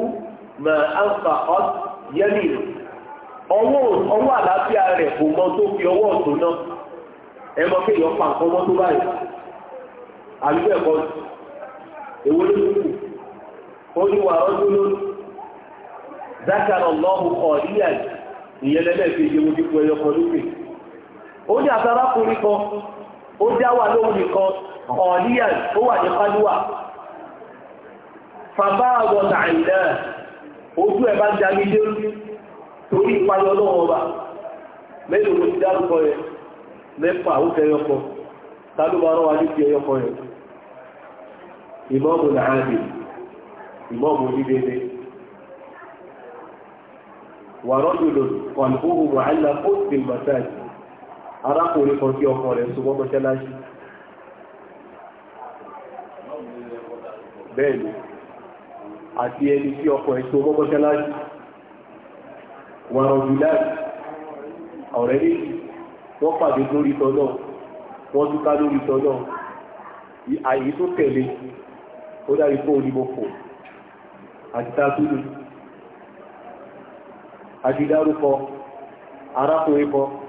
mà ànfà ọ́t yẹ́nì ọwọ́ àlàáfíà rẹ̀ kò mọ tó fi ọwọ́ ọ̀tún náà ẹ mọ kéèyàn pa nǹkan mọ́ tó báyìí àbí bẹ́ẹ̀ kọ́ ló kù ó ní wàá ọdún lónìí zákàrọ̀ lọ́hùn ọ̀ríyàn ìyẹn lẹ́lẹ́kẹ̀ẹ́ yẹn mo ti kú ẹyọ kan lókè ó ní àtàrákùnrin kan ó dáwà lóhun nìkan ọ̀níyà ó wà ní pálúwà fàbá àwọn àìdá ojú ẹ̀ bá ń jami dé torí ìpayọ ọlọ́wọ́ wa mẹ́lò ló ti dárúkọ rẹ̀ mẹ́fà ó fẹ́ arákùnrin kan tí ọkọ rẹ̀ so mọ́mọ́ ṣẹ́láṣí bẹ́ẹ̀ni àti ẹni tí ọkọ ẹ̀ so mọ́mọ́ ṣẹ́láṣí wà rọ̀dùláì ọ̀rẹ́ ní wọ́n pàdé lórí tọ́nà wọ́n túká lórí tọ́nà àyè tó tẹ̀lé ó dárí fún onímọ̀fò àti tásúlù àti dárúkọ arákùnrin kan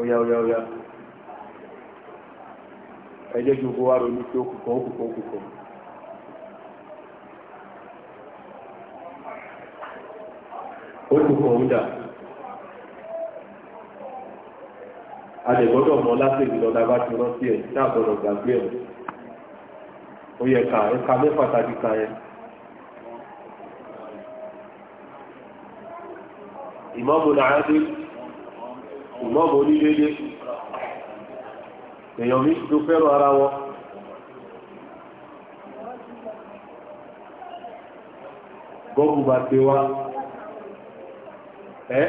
ọ̀yá ọ̀yá ọ̀yá ẹjẹ́ ju owó wárò ní pé òkùnkùn òkùnkùn òkùnkùn òkùnkùn òdà adẹ̀gbọ́dọ̀ mọ́ láti ìlú lọ́dá bá ti rántí ẹ̀ ní àbọ̀dọ̀ gbàgbé ẹ̀ ó yẹ ká ẹ̀ka mẹ́fà tàbí ka yẹn ìmọ̀mù nàá dé ìmọ̀ọ̀mù onídéédé èèyàn mi tó fẹ́ràn ara wọn. gọ́ọ̀gù bá gbé wá ẹ́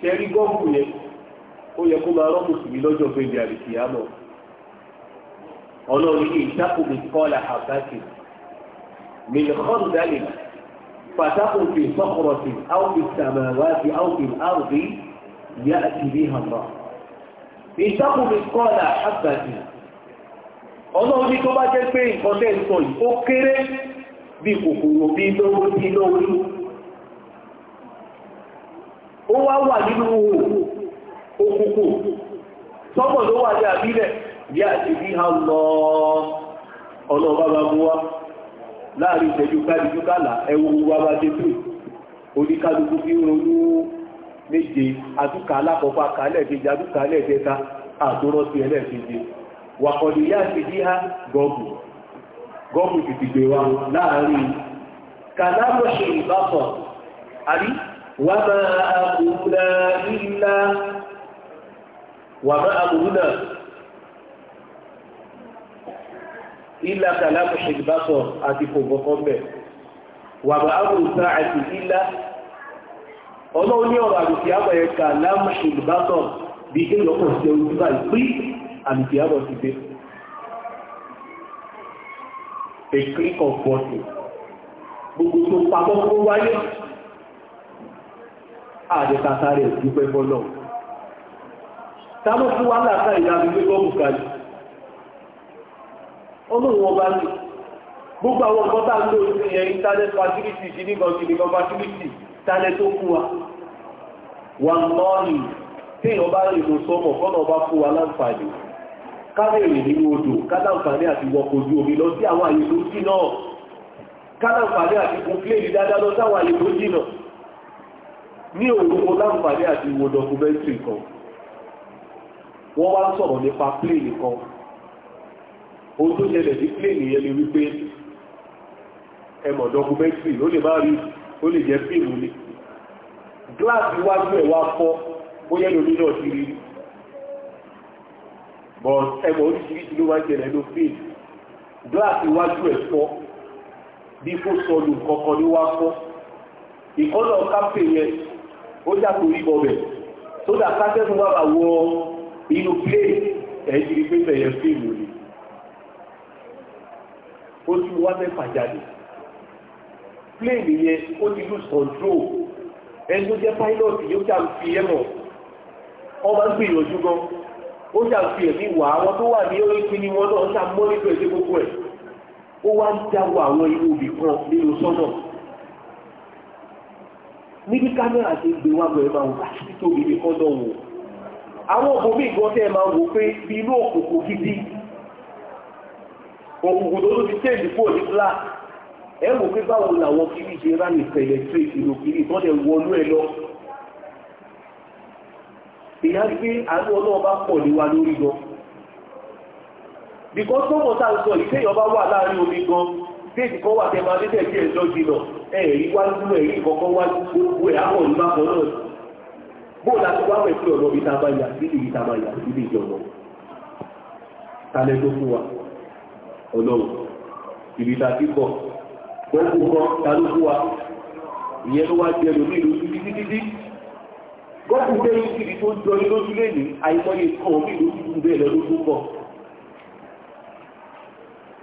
ṣe rí gọ́ọ̀gù yẹn ó yẹ kó máa rọ́ọ̀mù sí mi lọ́jọ́ pé ibi àlè kìí àmọ́ ọlọ́run ní ìdákùnrin kọ́lá àbáṣe mílíọ̀nù dálé fàtàkùnrin sọ́kùrọ̀sì áwùfíìsàmàwáàfì áwùfíìsàmàwáàfì يأتي بها الله ìtàkùn mi kọ́ là ọ̀nà ọlọ́run tó bá jẹ́ pé nǹkan tẹ́ sọ yìí ó kéré bí kòkòrò bí lówó bí lówó ó wá wà nínú òkùnkùn sọ́pọ̀ wà ní àbílẹ̀ bí bí ha lọ ọlọ́ọ̀bá bá mú wá méje adúkà alákọ̀ọ́kọ́ akálẹ̀ kejì adúkà alẹ́ẹ̀kẹta àtúrọ́sí ẹlẹ́ẹ̀keje wàkọ̀dì yá ti dí á gọ́ọ̀bù gọ́ọ̀bù ti ti gbé wa láàárín kàlámọ̀ṣe ìbáfọ̀ àrí wà máa àbúrúnà ìlà wà máa àbúrúnà ìlà kàlámọ̀ṣe ìbáfọ̀ àti kò ọlọ́run ní ọ̀rọ̀ àdùkì àbẹ̀yẹ ká lámùsùn ìbátọ̀ bí i lọ́pọ̀ sí ẹrù tí báyìí pé àdùkì àbọ̀ ti a click of button gbogbo tó pamọ́ kó wáyé àdẹ́kàtà rẹ̀ dúpẹ́ bọ́lọ̀ tábọ́ fún wa láta ìdájú pé bọ́ọ̀mù kalì ọlọ́run ọba ní gbogbo àwọn nǹkan tá ń lò ní ẹ̀yìn internet facility sí ní gọ́ọ̀sì ní tálẹ́ tó fún wa wà lọ́ọ̀nì tí èèyàn bá rìn lọ sọ́mọ̀ fọ́nà ọba fún wa láǹfààní kálẹ̀rì nínú odò kálàǹfààní àti wọkọ̀ ojú omi lọ sí àwọn àyè tó sí náà kálàǹfààní àti kùnkléèdì dáadáa lọ sáwọn àyè tó jìnà ní òru mo àti wo dọkumẹ́ntì kan wọ́n wá sọ̀rọ̀ nípa pléènì kan ohun tó ṣẹlẹ̀ sí pléènì yẹn ni wípé ẹmọ̀ dọkumẹ́ntì ló lè má rí ó lè jẹ́ fíìmù ni gíláàsì iwájú ẹ̀ wá fọ́ bóyá lórí náà ti rí but ẹgbẹ́ oríṣiríṣi ló wá jẹ́ lẹ́nu fíìmù gíláàsì iwájú ẹ̀ fọ́ bí kò sọnù kankan ló wá fọ́ ìkọ́nà káfíè yẹn ó yàtọ̀ orí bọ̀bẹ̀ tó dà kájẹ́sùn wà wọ inú plane ẹ̀yìn ìgbésẹ̀ yẹn fíìmù ni ó tún wá mẹ́fà jáde plane yẹn ó ti lose control ẹni tó jẹ́ pilot yóò ṣà ń fi ẹ̀mọ̀ ọba ń gbìyànjú gan ó ṣà ń fi ẹ̀mí wà àwọn tó wà ní orí pinni wọn náà ṣà mọ́nítọ̀ ẹ̀ṣẹ̀ gbogbo ẹ̀ ó wá ń jáwọ́ àwọn irú ibì kan nínú sọ́nà níbi kámẹ́rà ti gbé wá lọ ẹ máa wà títóbi ní kọ́ńdọ̀ wò àwọn òbí ìgbọ́n tẹ́ ẹ máa wò pé bí inú òkùnkùn gidi òkùnkùn tó ló ti tẹ́ẹ̀dì kúrò ní black ẹ wò pé báwo làwọn kiri ṣe rá nìpẹ̀lẹ̀ tó ìṣòro kiri tó dẹ̀ wọnú ẹ lọ ìyá gbé àánú ọlọ́wọ́ bá pọ̀ ní wa lórí gan bìkọ́ sọ́pọ̀ tá ń sọ ìṣe ìyọba wà láàrin omi gan déètì kan wà tẹ́lá tẹ́tẹ́ sí ẹjọ́ jìnà ẹ̀rí wájú ẹ̀rí kọ̀ọ̀kan wájú gbogbo ẹ̀ àwọn ìbákan náà bóò láti wá pẹ̀ sí ọ̀nà ìta máa yà sí ìta máa yà sí ìjọba talẹ́ tó fún wa ọlọ́run ìrìtà kíkọ̀ òkú kan tàlókù wa ìyẹn ló wá jẹ lórí ìlú títí títí gọ́ọ̀kù pé ní ibi tó ń jọ ní lójú lé ní àìmọye kan òmí ìlú tuntun bẹ́ẹ̀ lọ lójú pọ̀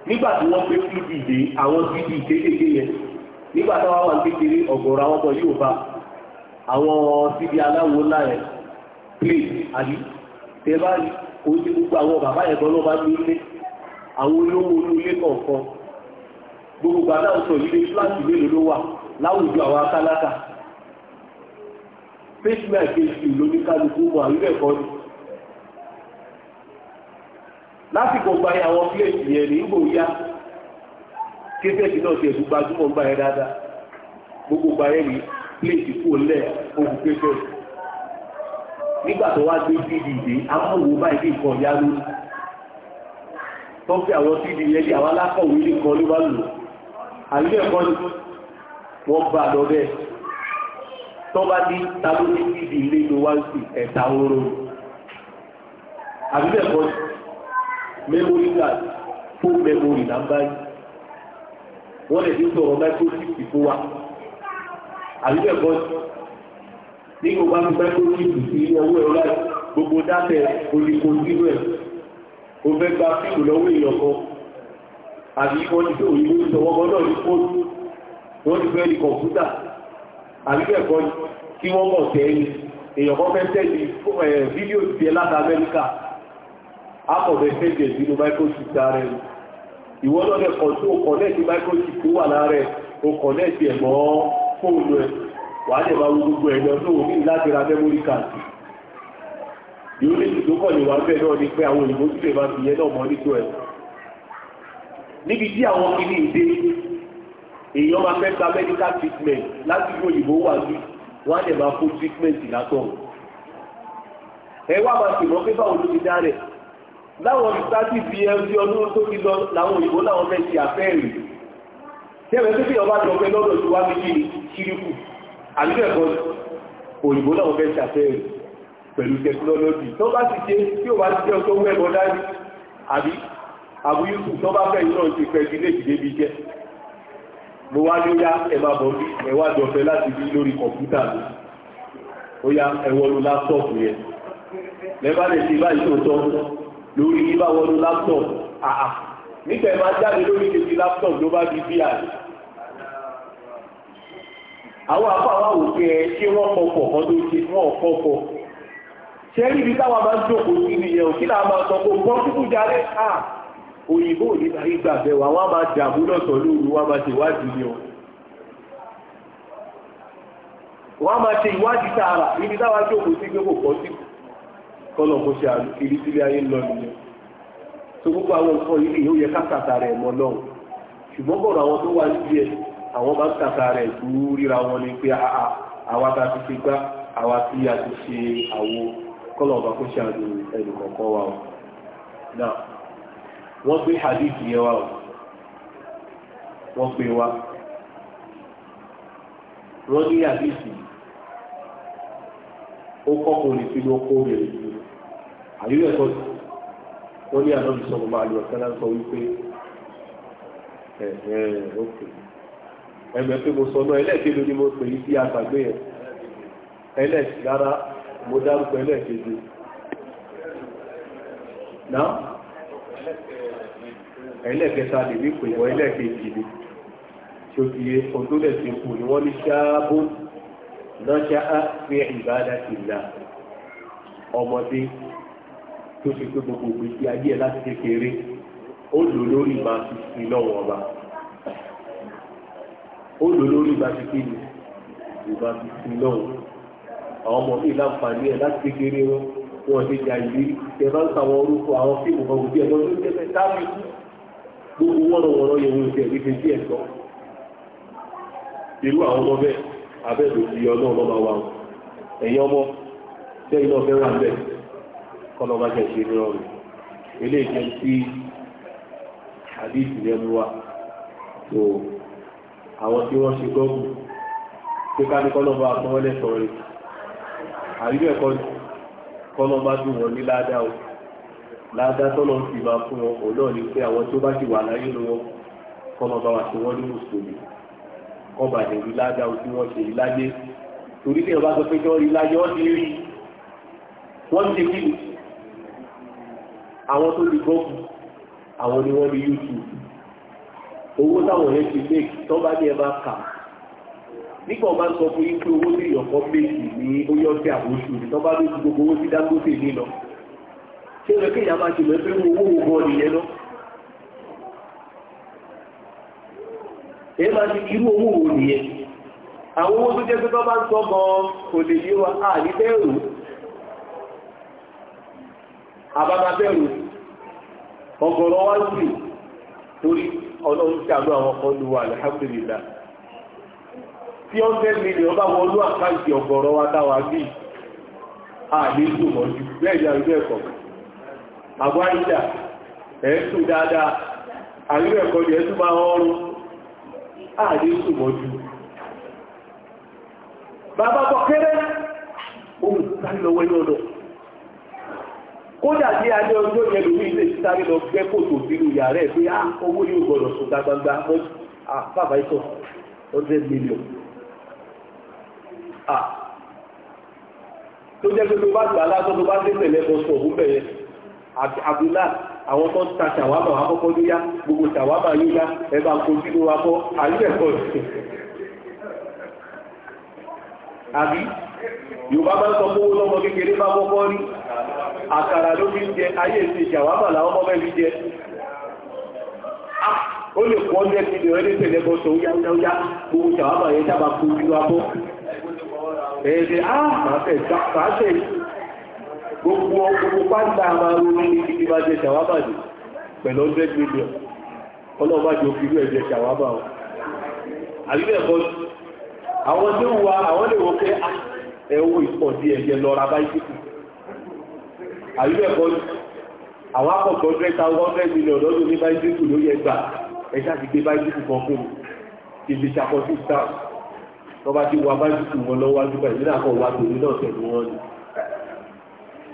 nígbà tí wọ́n pé fún ìdè àwọn gidi kéékèèké yẹn nígbà táwọn wà kékeré ọ̀gọ̀rọ̀ àwọn ọmọ yóò bá àwọn síbi aláwo ńlá yẹn play àbí tẹ bá ojú bàbá yẹn gan ní ilé àwọn olówó olú kọ̀ọ̀kan gbogbo gbàdá òsò yìí ní fúláàtì mélòó ló wà láwùjọ àwọn akálákà fésìmì àkejì lóníkálukú mọ àríwẹ̀ ẹ̀kọ́ ni lásìkò ya àwọn pílẹ̀tì yẹn ní ìgbò yá kéfẹ́ẹ̀tì náà ti ẹ̀dùn gbajúmọ̀ ń bá dáadáa gbogbo gba ní lẹ̀ ohun nígbà tó wá gbé báyìí yá lórí àwọn yẹn ní àwọn alákọ̀wé àyílẹ̀ ẹ̀kọ́ ni wọ́n gbà lọ bẹ́ẹ̀ tọ́ba ní taló ní bíbí ilé ìlú wá sí ẹ̀ta oró àyílẹ̀ ẹ̀kọ́ ni memory card fún memory nàmbá yìí wọ́n lè fi sọ̀rọ̀ microchip fún wa àyílẹ̀ ẹ̀kọ́ ni ní gbogbo àwọn microchip sí ọwọ́ ẹ̀rọ láì gbogbo dáfẹ́ olùkọ́ sínú ẹ̀ o fẹ́ gba fíìmù lọ́wọ́ èèyàn kan àbí wọ́n ti òyìnbó ti sọ̀wọ́gbọ́n náà ní fóònù wọ́n ti fẹ́ ní kọ̀ǹpútà àbí bẹ́ẹ̀kọ́ kí wọ́n mọ̀ tẹ́ni èèyàn kan fẹ́ tẹ́ni fídíò ti ẹ láti Amẹ́ríkà akọ̀bẹ̀ tẹ́jẹ̀ sínú microchip dáre ìwọ́n lọ́dẹ̀ kan tó kọ̀nẹ́ẹ̀tì microchip tó wà láàrẹ̀ o kọ̀nẹ́ẹ̀tì ẹ̀ mọ́ fóònù ẹ̀ wà á dẹ̀bà gbogbo ẹ̀ lọ tó ní láti ra memory card yóò lè tó kọ̀ lè wà bẹ́ẹ̀ náà ni pé àwọn òyìnbó ti lè máa fi yẹn náà mọ́ nítorí ẹ̀ níbi tí àwọn kìíní ìdè èèyàn máa fẹ́ gba medical treatment láti ìlú òyìnbó wà ní wọ́n á dẹ̀ máa fún treatment látọ̀. ẹ wá máa ṣèmọ́ pé báwo ló ti dá rẹ̀ láwọn ìsáàtì bí ẹbí ọdún tó ti lọ làwọn òyìnbó làwọn fẹ́ ṣe àfẹ́ẹ̀rì tí ẹ̀rẹ́ tó fi ọba jọ pé lọ́dọ̀ tó wá ní kí ni ṣíríkù àdúgbò ẹ̀kọ́ òyìnbó làwọn fẹ́ ṣe àfẹ́ẹ̀rì pẹ̀lú tẹkinọ́lọ́jì tó bá ti ṣe tí ò bá ti jẹ́ ọjọ́ wẹ́ẹ̀mọ́ dání àbí àbú yusuf tó bá fẹ̀yìn náà ti fẹ́ sílé ìdílé bí jẹ́ mo wá ní ó yá ẹ máa bọ̀ bí ẹ wá jọ fẹ́ láti bí lórí kọ̀ǹpútà mi ó yá ẹ wọnú láptọ̀pù yẹn lẹ́bàá lè ṣe báyìí tó tọ́ lórí bíbá wọnú láptọ̀pù àà nígbà ẹ máa jáde lórí kejì láptọ̀pù ló bá di bí àlè àwọn afáwà wò pé ẹ ṣé wọ́n kọkọ̀ kan tó ṣe wọ́n kọkọ̀ ṣé rí ibi máa ń jókòó sí nìyẹn òkè náà máa sọ pé bọ́ òyìnbó ò ní báyìí gbàgbẹ́ wa wọ́n á máa dààmú lọ́sọ̀ lóru wọ́n á máa ṣe ìwádìí ni o wọ́n á máa ṣe ìwádìí tààrà ibi táwa jókòó sí pé kò pọ̀ sí kọ́lọ̀ kó ṣe àlùkiri sílé ayé lọ nìyẹn tó gbogbo àwọn nǹkan yìí yóò yẹ ká tàtà rẹ̀ mọ́ lọ́hùn ṣùgbọ́n bọ̀rọ̀ àwọn tó wà níbi ẹ̀ àwọn bá ń tàtà rẹ̀ dúró ríra wọn ni pé ah, ah, àwa ta ti ṣe gbá àwa tí a ti ṣe àwo kọ́lọ̀ ọba kó ṣe àdùn wa náà wọ́n gbé hadith yẹn wá o wọ́n gbé wá wọ́n ní hadith ó kọ́kọ́ ní sínú ọkọ̀ obìnrin yìí àyíwẹ̀ ẹ̀kọ́ wọ́n ní ànábi sọ̀rọ̀ máa lọ sẹ́lá ń sọ wípé ẹ̀mẹ́ pé mo sọ náà ẹlẹ́ẹ̀kejì ni mo pè yí sí àgbàgbé yẹn ẹlẹ́ẹ̀kejì rárá mo dárúkọ ẹlẹ́ẹ̀kejì náà ẹlẹ́ẹ̀kẹta lè wí pé wọ́n ẹlẹ́ẹ̀kejì ni tí ó fi ohun tó lẹ̀ sí kù ni wọ́n ní ṣáàbù lọ́ṣà á fi ìbáadá ti là ọmọdé tó ṣe pé gbogbo ìgbésí ayé ẹ̀ láti kékeré ó lò lórí máa fi sin lọ́wọ́ ọba ó lò lórí máa fi kíni ìgbà fi lọ́wọ́ àwọn ọmọ mi láǹfààní ẹ̀ láti kékeré wọn wọn ti jà ìlú ẹ bá ń sàwọn orúkọ àwọn fíìmù kan kò bí ẹ lọ́dún tẹ́lẹ̀ táàbì gbogbo wọ́rọ̀wọ́rọ̀ yẹn wọ́n tẹ̀ nípe sí ẹ̀tọ́ irú àwọn ọmọ bẹ́ẹ̀ abẹ́ẹ̀dọ̀ ti yọ náà lọ́ba wa ẹ̀yin ọmọ tẹ́ iná fẹ́ wà bẹ́ẹ̀ kọ́nà bá jẹ́ ṣe nírọ̀rùn eléyìí jẹ́ sí àdìsí lẹ́nu wa tó àwọn tí wọ́n ṣe gọ́gùn pé ká ní kọ́nà bá fọwọ́lẹ̀ sọ̀rọ̀ àríwẹ̀ kọ́nà bá dùn wọn ní ládàá láàdá tọ́lọ̀ ń fi máa fún wọn òun náà ni pé àwọn tó bá ti wà láyé ló wọn kọ́mọ bá wà sí wọ́n ní mùsùlùmí kọ́mọ àdè rí láàdá ojú wọn ṣe rí láyé torí tí ẹ bá sọ pé kí wọ́n rí láyé wọ́n ti rí wọ́n ti rí àwọn tó lè gọ́ọ̀kù àwọn ni wọ́n ní YouTube owó táwọn yẹn ti lé tó bá ní ẹ bá kà nígbà wọn bá sọ fún yín pé owó tí ìyọ̀kọ́ méjì ní ó yọ sí àbóṣù tó bá lójú gbogbo owó tí Dangote ní lọ tí ó kí ìyàmá ti mẹ́fẹ́ owó owó ìyẹn lọ èyí máa ti irú owó owó ìyẹn àwọn owó tó jẹ́ pé bá bá ń sọ gan kò lè yé wa a ní bẹ́ẹ̀rù àbábá bẹ́ẹ̀rù ọgọ̀rọ̀ wá ń sì torí ọlọ́run tí àlọ́ àwọn kan lu wa alhamdulillah tí ó ń fẹ́ mi ni ọba wọlú àkáǹtì ọgọ̀rọ̀ wa táwa bí a ní ìlú mọ́jú bẹ́ẹ̀ ni bẹ́ẹ̀ kọ̀ọ̀kan àgbáríjà ẹ̀ẹ́sù dáadáa àríwẹ̀ ẹ̀kọ́ ni ẹ̀ẹ́sù máa ọrún ààrí sù mọ́jú bàbá bọ̀ kéré ohun sáré lọ́wọ́ inú ọ̀dọ̀ kódà tí a ní ọjọ́ yẹn lórí ilé sáré lọ gbẹ́ kòtò sínú yàrá ẹ̀ pé á ah, owó yóò gbọ́dọ̀ sùn gbàgbàgbà ah, bàbá ìtọ̀ ah tó jẹ́ pé tó bá gbà látọ́ tó bá dé pẹ̀lẹ́ bọ́ sọ̀ fún abdullah àwọn tó ń ta ṣàwámà wà kọ́kọ́ ló yá gbogbo ṣàwámà yóò yá ẹ̀bà kò sí ló wà kọ́ àyẹ̀kọ́ àbí yorùbá máa ń sọ fún olómọ kékeré bá kọ́kọ́ rí àkàrà ló fi ń jẹ ayé ìsìn ṣàwámà làwọn ọmọ mẹ́rin jẹ ah, ó lè pọ́ ní ẹ̀sìn ìrẹ́ ní tẹ̀lé bọ́ sọ yáyáyá gbogbo gbogbo ọkùnkùn pátá máa ń rí ní kí bá jẹ ṣàwábà jù pẹ̀lú ọjọ́ ìgbìmọ̀ ọlọ́ọ̀bá jù òfin rẹ̀ jẹ ṣàwábà wọn àbíbẹ̀ ẹ̀kọ́ àwọn tí ó wa àwọn lè wọ́n pé ah, ẹ̀wọ́ ìpọ̀ sí ẹ̀jẹ̀ lọ́ra bá ìsìnkú àbíbẹ̀ ẹ̀kọ́ àwọn akọ̀kọ̀ dẹ́ta ọgọ́fẹ́ mílíọ̀n lọ́dún ní bá ìsìnkú ló yẹ gbà ẹ̀ṣá ti gbé bá ìsìnkú kan fún ìbí ṣàkọsí sáà tó bá ti wà bá ìsìnkú wọn lọ́wọ́ wájú báyìí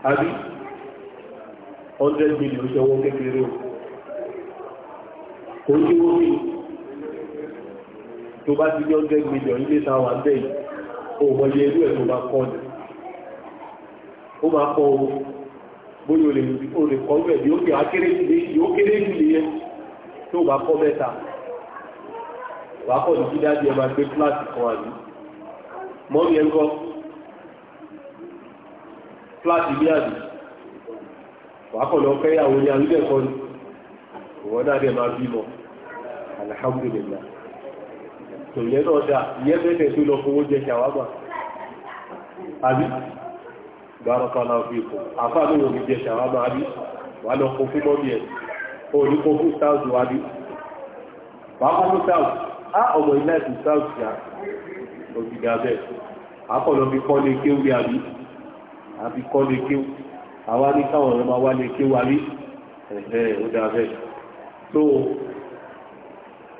àbí 100 million ṣe owó kékeré o kò ní owó mi tó bá ti ní 100 million ilé táwà ń bẹ́ẹ̀ o mọ̀ yẹ ẹ̀ tó bá kọ́ ni ó máa kọ́ owó bóyá o lè o lè kọ́ bẹ́ẹ̀ ni ó kéré kéré yóò kéré jù nìyẹn tó bá kọ́ mẹ́ta wàá kọ́ ní kí dájú ẹ máa gbé fúláàtì bí àdì wàákọ̀lọ́ fẹ́yàwó ní àríbẹ̀kọ́ ni ìwọ̀n náà dẹ̀ máa bímọ alhamdulillah tò yẹ náà dá ìyẹ́ mẹ́tẹ̀ tó lọ fowó jẹ kí àwágbà àbí gbárọkànlá fífò àfáàlówò ní jẹ kí àwágbà àbí wà lọ kó fún mọ́bí ẹ̀ o ní kó fún sáàzù ọmọ ilẹ̀ ìsáàzù yà òbí dàbẹ̀ akọ̀lọ́ kọ́ ní kéwì àbí àbí kọ́ lè kéw àwa ní káwọn ọ̀rọ̀ máa wá lè kéw wa rí ẹ̀ẹ́ ó dáa bẹ́ẹ̀ tó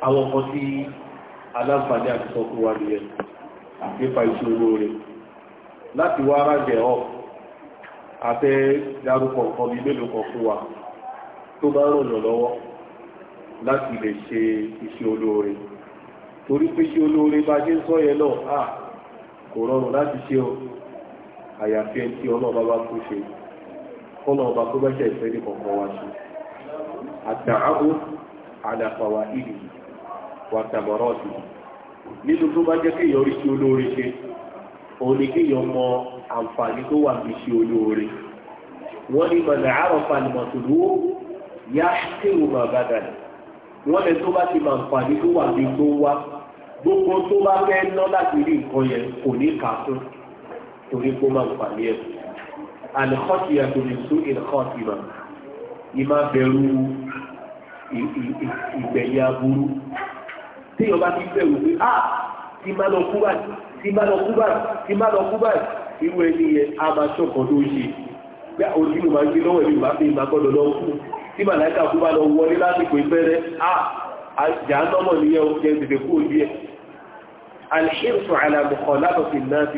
àwọn kan tí aláǹfààní àti sọ fún wa nìyẹn nípa ìṣòro rẹ̀ láti wá rájẹ̀ ọ́ àfẹ́ dárúkọ nǹkan bíi mélòó kan fún wa tó bá ràn lọ́wọ́ láti lè ṣe iṣẹ́ olóore torí pé ṣe olóore bá ṣe ń náà à kò rọrùn láti ṣe o àyàfi ẹni tí ọlọ́ọ̀bá bá kú ṣe kọ́lọ́ọ̀bá tó bá ṣe ìfẹ́ ní kọ̀ọ̀kan wá ṣe àtàáhù àdàpàwà ìlú wà tàbọ̀rọ̀ sí nínú tó bá jẹ́ kí yọrí sí olóore ṣe òun ni kí yọ mọ àǹfààní tó wà bí ṣe olóore wọ́n ní mọ̀nà àròfà nìmọ̀tòlú yá kéwù mà bàdà wọ́n lẹ tó bá ti mọ àǹfààní tó wà bí tó wá gbogbo tó bá fẹ́ ná láti rí nǹkan yẹn kò ní kà fún torí kó máa ń pàdé ẹ̀. àlùkọ́tì àtòlè tó ìlkọ́tì mà ìmá bẹ̀rù ìgbẹ̀yìn aburú téèyàn bá ti bẹ̀rù pé a ah, ti má lọ kú báyìí ti má lọ kú báyìí ti má lọ kú báyìí irú ẹni yẹn a máa ṣọ̀kan tó ṣe pé òní mo máa ń gbé lọ́wọ́ ìlú bá fi ìmá kú tí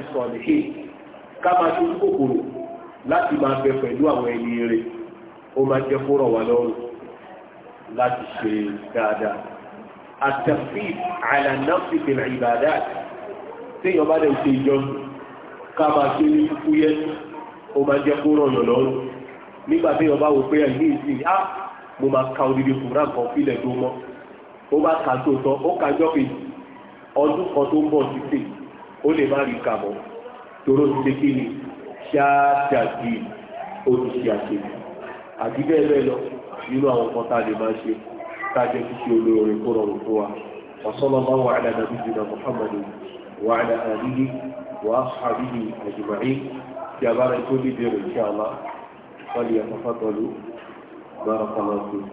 màláìka ká máa ṣojú kòkòrò láti máa bẹ pẹ̀lú àwọn ẹni rẹ̀ ó máa jẹ́ kó rọ̀ wá lọ́rùn láti ṣe dáadáa àtẹ̀fí àlànàfí fìlà ìbàdà téèyàn bá dẹ̀ ṣe ìjọsìn ká máa ṣe ní kúkú yẹn ó máa jẹ́ kó rọ̀ yàn lọ́rùn nígbà téèyàn bá wò pé ẹ̀yìn ìsìn á mo máa ka odidi kùrà kan fílẹ̀ tó mọ́ ó bá kà tó tán ó kájọ́ kejì ọdún kan tó ń bọ̀ títì ó lè má rí kà mọ́ tóró ti ṣe kí ni ṣáàṣàdì oníṣẹ́ àṣejù àti bẹ́ẹ̀ bẹ́ẹ̀ lọ nínú àwọn kan tá a lè máa ṣe tá a jẹ́ kí ṣe olóore kó rọrùn fún wa sallallahu ala nabiyyina muhammadin wa ala alihi wa ashabihi ajma'in tí a bá rẹ̀ tó lè bẹ̀rẹ̀ insha Allah wọ́n lè yàtọ̀fà pẹ̀lú barakallahu fikum.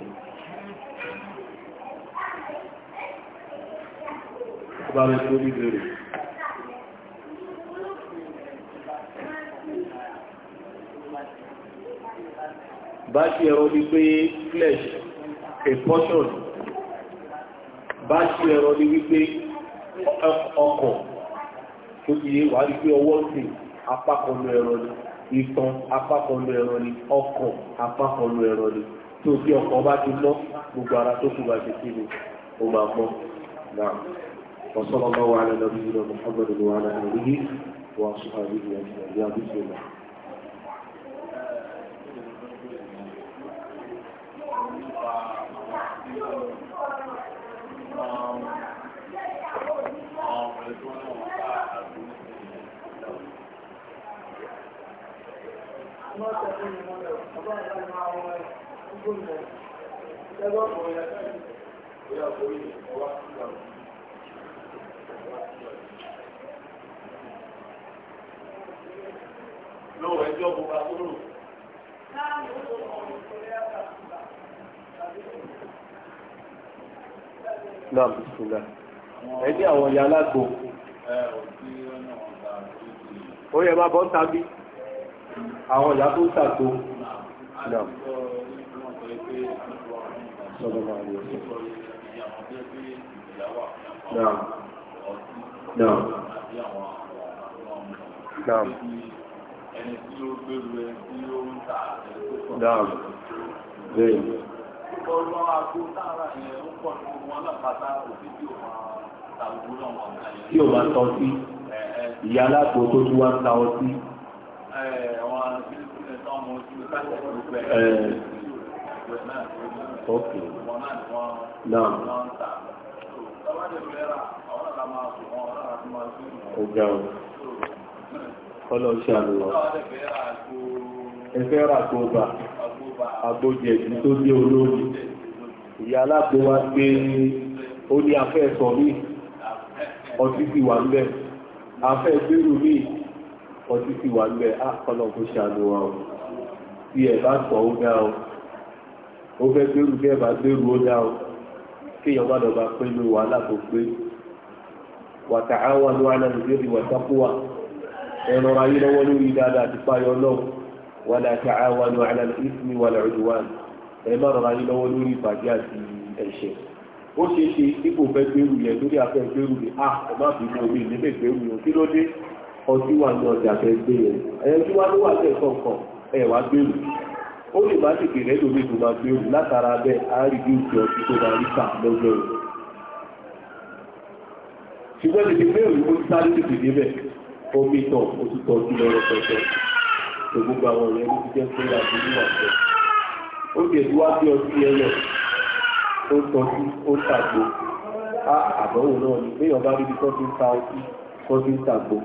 bá rẹ̀ tó lè bẹ̀rẹ̀ bá ṣe ẹ̀rọ ní pé flesh a portion bá ṣe ẹ̀rọ ní wípé ọkọ̀ tó ti yé wà wípé ọwọ́ sí apákọ̀ọ̀nù ẹ̀rọ ni ìtàn apákọ̀ọ̀nù ẹ̀rọ ni ọkọ̀ apákọ̀ọ̀nù ẹ̀rọ ni tó bí ọkọ̀ bá ti mọ́ gbogbo ara tó kù bá ti sí ni ó máa mọ́ náà وصلى الله على نبينا محمد وعلى اله Lọ́wọ́ ẹjọ́ gbogbo akúrò. Láàrín ó lọ́wọ́ ọ̀rọ̀ àgbà náà bisimilá ẹ ní àwọn ìyá alágbó ó yẹ máa bọ́ ń tàbí àwọn ìyá tó ń tàgbó náà sọ́dọ̀mọ̀ náà ẹni tí ó gbé rẹ̀ tí ó ń tà àti lọ lọ aago náírà yẹn ń pọ̀ ní wọn alábàtà òbí tí yóò máa ta owó náà wọn kà yẹn. tí yóò máa ta ọtí ìyá aláàbò tó tún wá ń ta ọtí. àwọn ìpínlẹ̀ tó ń mú sí káṣẹ̀ tó gbẹ ìwé náà ní wọn náà ní wọn ń ta. tọ́wọ́ lè fẹ́ ra àwọn ọ̀la máa sùn wọn ọ̀la tó máa sùn. ó ga ọ kọ́lọ́ ṣe ẹ fẹ́ ra tó bá agbójẹ̀ tí tó dé olóòrì ìyá alágbó wá pé ó ní afẹ́ ẹ̀sọ̀ mí ọtí ti wà ń bẹ̀ afẹ́ gbérù mí ọtí ti wà ń bẹ̀ akọ́nà ah, kó ṣàánú wa o tí ẹ̀ bá sọ ó dá o ó fẹ́ gbérù bẹ́ẹ̀ bá gbérù ó dá o kéèyàn bá pé ní wàhálà tó gbé wàtàáwà ló wà náà lórí wàtàkùwà ẹ̀rọ ayé lọ́wọ́ lórí dáadáa àti páyọ náà ولا تعاونوا على الإثم والعدوان ó ṣe ṣe ipò gbèrú yẹn lórí gbèrú ni a ẹ má fi mú omi nílé gbèrú yẹn kí ló dé ọtí wà ní ọjà fẹ́ gbé yẹn ẹ̀yẹn tí wàá ló wà fẹ́ kọ̀ọ̀kan ẹ̀ wá gbèrú ó lè má tètè rẹ́ lómi tó máa gbèrú látara ọtí tó tó gbogbo àwọn ọ̀rẹ́ ló ti jẹ́ pé àti ní àjọ ó lè wá bí ọtí ẹlẹ̀ ó tọ́jú ó tàgbo á àbọ̀wò náà ni péyàn bá ríbi tó ti ń ta ọtí tó ti ń tàgbo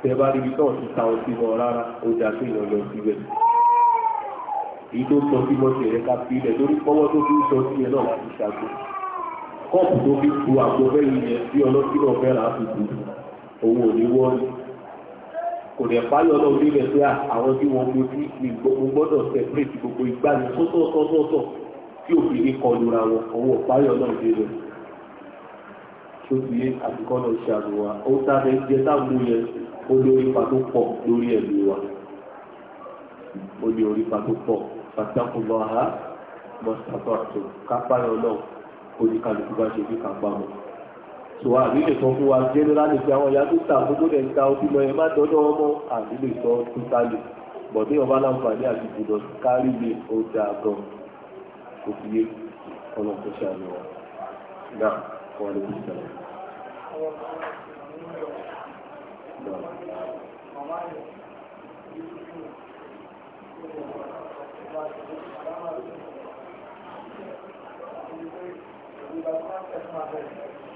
tẹ bá ríbi tó ti ta ọtí lọ rárá ó dà pé èèyàn lọ síbẹ̀ èyí tó sọ sí mọ́tì ẹ̀rẹ́ ká fi ilẹ̀ lórí pọ́wọ́ tó fi ń sọ sí ẹ náà láti ṣàgbo kọ́ọ̀pù tó fi ku àgbo fẹ́yìn yẹn bí ọlọ́sí náà fẹ́ràn á fi kò lè fáyọ̀ náà ní ilẹ̀ pé àwọn tí wọ́n mú sí ní separate gbogbo ìgbàlù sọ́tọ̀ọ̀tọ̀ tí ní wọn owó náà dé tó ti yé ó sáré ó tó pọ̀ lórí ẹ̀mí wa ó ní orí tó pọ̀ pàtàkùnmọ́ ha mọ́sàtọ̀ àtò kápáyọ̀ so àrí lè sọ fún wa generally pé àwọn ìyá tó ta àkókò dẹ̀ ń ta ojú lọ ẹ má dọ́dọ́ ọmọ àrí lè sọ totally bọ̀ ní ọba láǹfààní àti ìbùdó kárí lè ó dáa gan kò fi yé ọlọ́pàá ṣàmì wa náà wọ́n lè fi sọ̀rọ̀. Thank you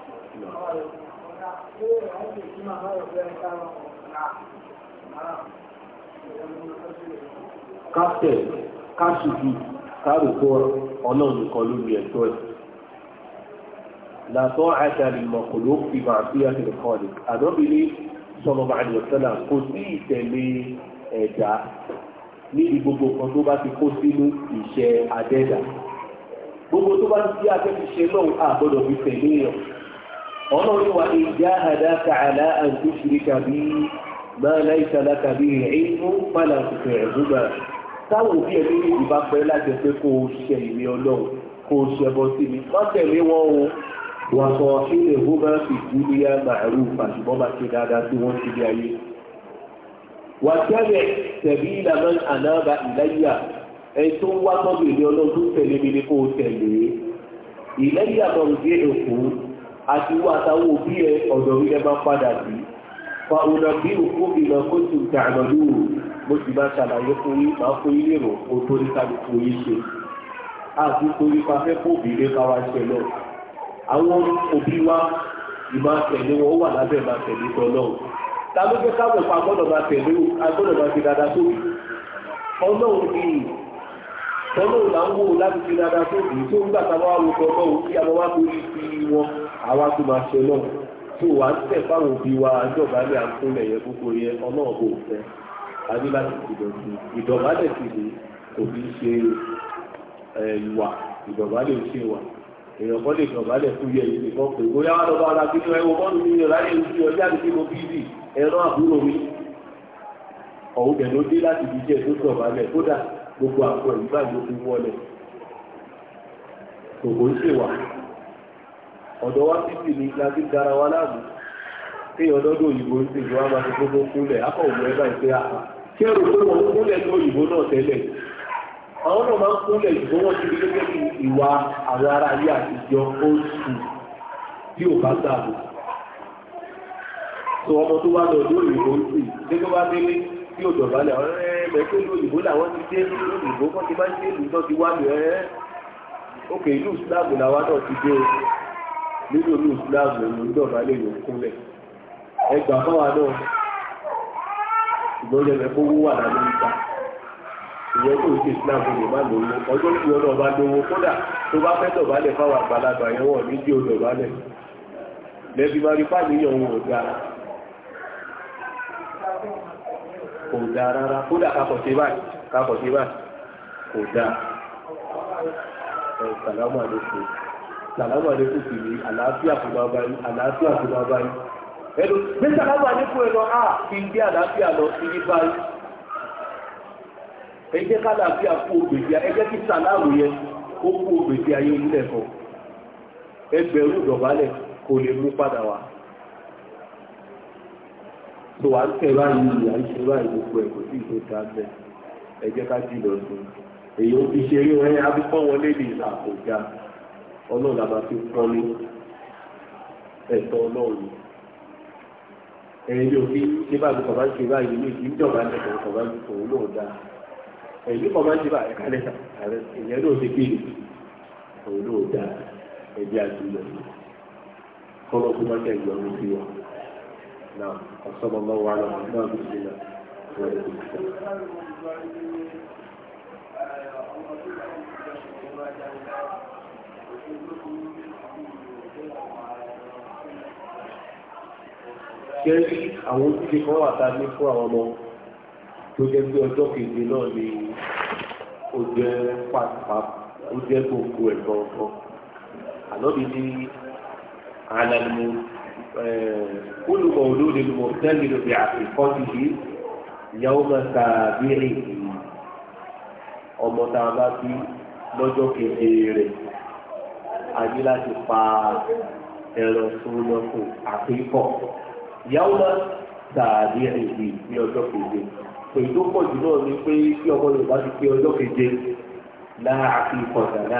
káfẹ́ káṣíbi kárùkọ ọlọ́run nìkan lórí ẹ̀tọ́ ẹ̀ làtọ́ àṣàlì mọ̀kòló fi a fi àṣìlẹ̀ kan ní àdọ́bìnrin sọ̀rọ̀ máa ní ọ̀sẹ̀ náà kò sí ìtẹ̀lé ẹ̀dá níbi gbogbo kan tó bá ti kó sínú ìṣẹ́ adẹ́dà gbogbo tó bá ti ṣe adẹ́bíṣe náà àgbọ́dọ̀ fi tẹ̀lé èèyàn ọlọ́run wà ìjà àdáka àlá àǹtúṣìrí kàbí máa láìsà lákàbí ìrìnú pàlà òkè ẹ̀dúgbà táwọn òbí ẹ̀mí ìbá pẹ́ láti pé kó o ṣe ìwé ọlọ́run kó o ṣe ẹbọ sí mi má tẹ̀lé wọn o wà sọ ilé ìwọ máa fi dúníyà màálù àṣùbọ́n máa ṣe dáadáa sí wọn síbi ayé. wà tẹ́lẹ̀ tẹ̀bí ìlànà ànáàbà ìlẹ́yà ẹ tó wá tọ́jú ìwé ọlọ́run tẹ̀lé mi ni kó o tẹ̀lé ìlẹ́yà mọ̀rùndínlẹ̀ àti wọ́n àtàwọn òbí ẹ ọ̀dọ̀ orí ẹ máa padà sí fa ọ̀nà bí òkú ìlọ kó tó ń tààmà lóru mo sì máa ṣàlàyé fún yín máa fún yín lérò o tó ní kálukú yín ṣe àti torí pafẹ́ fún òbí lé káwá ṣe lọ àwọn òbí wa ìmáa tẹ̀lé wọn ó wà lábẹ́ máa tẹ̀lé tọ́ náà ta ló fẹ́ káwọ̀ pa gbọ́dọ̀ máa tẹ̀lé agbọ́dọ̀ máa fi dáadáa sóbì ọlọ́run ni ọlọ́run là ń wò láti fi dáadáa sóbì tó ń gbà táwọn àwòkọ́ ọlọ́run kí àwọn wá lórí ti wọn àwa tó máa ṣe náà tó wà ń tẹ̀ fáwọn òbí wa àjọbalẹ̀ àkúnlẹ̀ yẹn gbogbo yẹn ọlọ́run kò fẹ́ a ní láti ìdọ̀tí ìdọ̀bálẹ̀ sì ni kò fi ṣe ìwà ìdọ̀bálẹ̀ ṣe wà èèyàn kan lè dọ̀bálẹ̀ fún yẹ ìdí kan pé bóyá wà lọ́wọ́ ara bínú ẹwọ mọ́nù mi yàn láyé ojú ọjọ́ àti bímọ bíbí ẹran àbúrò mi ọ̀hún dẹ̀ ló dé láti fi jẹ́ tó dọ̀bálẹ̀ kódà gbogbo àpò ìgbà ló fi wọlé kò ń ṣèwà ọ̀dọ̀ wá sí sí ní láti dára wa láàbù tí ọdọ́dọ̀ òyìnbó ń sìn wá máa ti gbogbo kúnlẹ̀ akọ̀wé ẹ̀bá ìpé àpá kí ẹ̀rọ pé wọ́n kúnlẹ̀ ní òyìnbó náà tẹ́lẹ̀ àwọn náà máa ń wọn ti gẹ́gẹ́ bí ìwà àwọn ará ayé àtijọ́ ó sùn ò bá tó ọmọ tó wá lọ òyìnbó ń wá délé tí òjò ọ̀rẹ́ nínú ní islam ẹ̀yìn ìjọba lè yọ kúnlẹ̀ ẹgbà fáwa náà ìgbọ́n jẹ́ fún wúwà lábẹ́ níta ìyẹn tó ń ṣe islam lè má lówó ọjọ́ tí wọn náà bá lówó kódà tó bá fẹ́ dọ̀bálẹ̀ fáwa àgbàlagbà yẹn wọ̀ ní jíò dọ̀bálẹ̀ lẹ́bi máa rí fáníyàn wọn ò dáa kò dáa rárá kódà kakọ̀ ṣe báyìí kakọ̀ ṣe báyìí kò dáa ẹ̀ sàlámù àdókòó. sàlámù àlékún sì ní àlàáfíà ba bá báyìí àlàáfíà tó bá báyìí ẹnu bí sàlámù àlékún lọ á fi ń gbé àlàáfíà lọ sí ní báyìí ẹ jẹ́ kálàáfíà kú ògbèdì ẹ jẹ́ kí sàlámù yẹn ó kú ògbèdì ayé onílẹ̀ kan ẹgbẹ̀rún dọ̀bálẹ̀ kò lè mú padà wá tó wà ń báyìí ń ṣe báyìí gbogbo kò sí ìṣe ta ẹ ká sí èyí ó fi ọlọ́run la máa fi kọ́ ní ẹ̀tọ́ ọlọ́run ẹ̀yin yóò fi nígbà tó kọ̀ máa ń ṣe báyìí ní ìdí ìjọba ẹ̀kọ́ kọ̀ máa ń ṣe òun náà dáa ẹ̀yin kọ̀ máa ń ṣe báyìí ẹ̀ka lẹ́ta ẹ̀yẹ náà ti kéde òun náà dáa ẹ̀bí àjùlọ kọ́lọ́ kó máa tẹ̀ ìjọba sí wa náà ọ̀sọ́mọ máa wà lọ́wọ́ náà bí ṣe náà wọ́n ti sọ. Thank you ṣe rí àwọn ojúṣe kan wà tá a ní fún àwọn ọmọ tó jẹ́ pé ọjọ́ keje náà ni ó jẹ́ pàtàkì ó jẹ́ gbogbo ẹ̀ gbọ̀ngàn ànábi ní alalimu olùkọ́ olóde lùmọ̀ tẹ́lẹ̀ lóbi àfikọ́ ti di ìyàwó máa ta bírè ọmọ tá a bá bí lọ́jọ́ keje rẹ̀ àbí láti pa ẹ̀rọ tó lọ́kù àkíkọ̀. ìyàwó náà tààdí èdè ní ọjọ́ keje èyí tó pọ̀ jù náà ni pé kí ọmọ Yorùbá ti pé ọjọ́ keje lára àkíkọ̀ dáná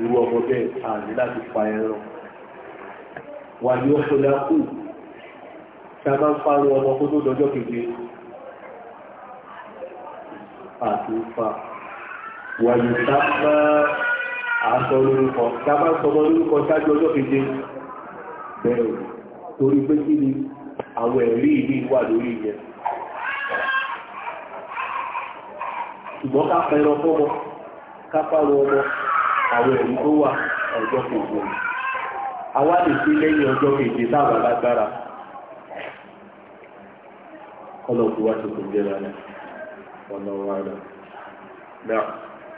irú ọmọ bẹ́ẹ̀ àbí láti pa ẹ̀rọ. wà ní ọ̀ṣọ́ lákù tí a máa ń parí ọmọ kó tó dọjọ́ keje àti ń fa wà ní sáfà. àṣọ lórúkọ tàbá sọmọ lórúkọ ṣáájú ọjọ́ keje bẹ̀rẹ̀ torí pé kí ni àwọn ẹ̀rí ìlú wà lórí ṣùgbọ́n ká fọ́mọ ká ọmọ àwọn ẹ̀rí tó wà ọjọ́ lẹ́yìn ọjọ́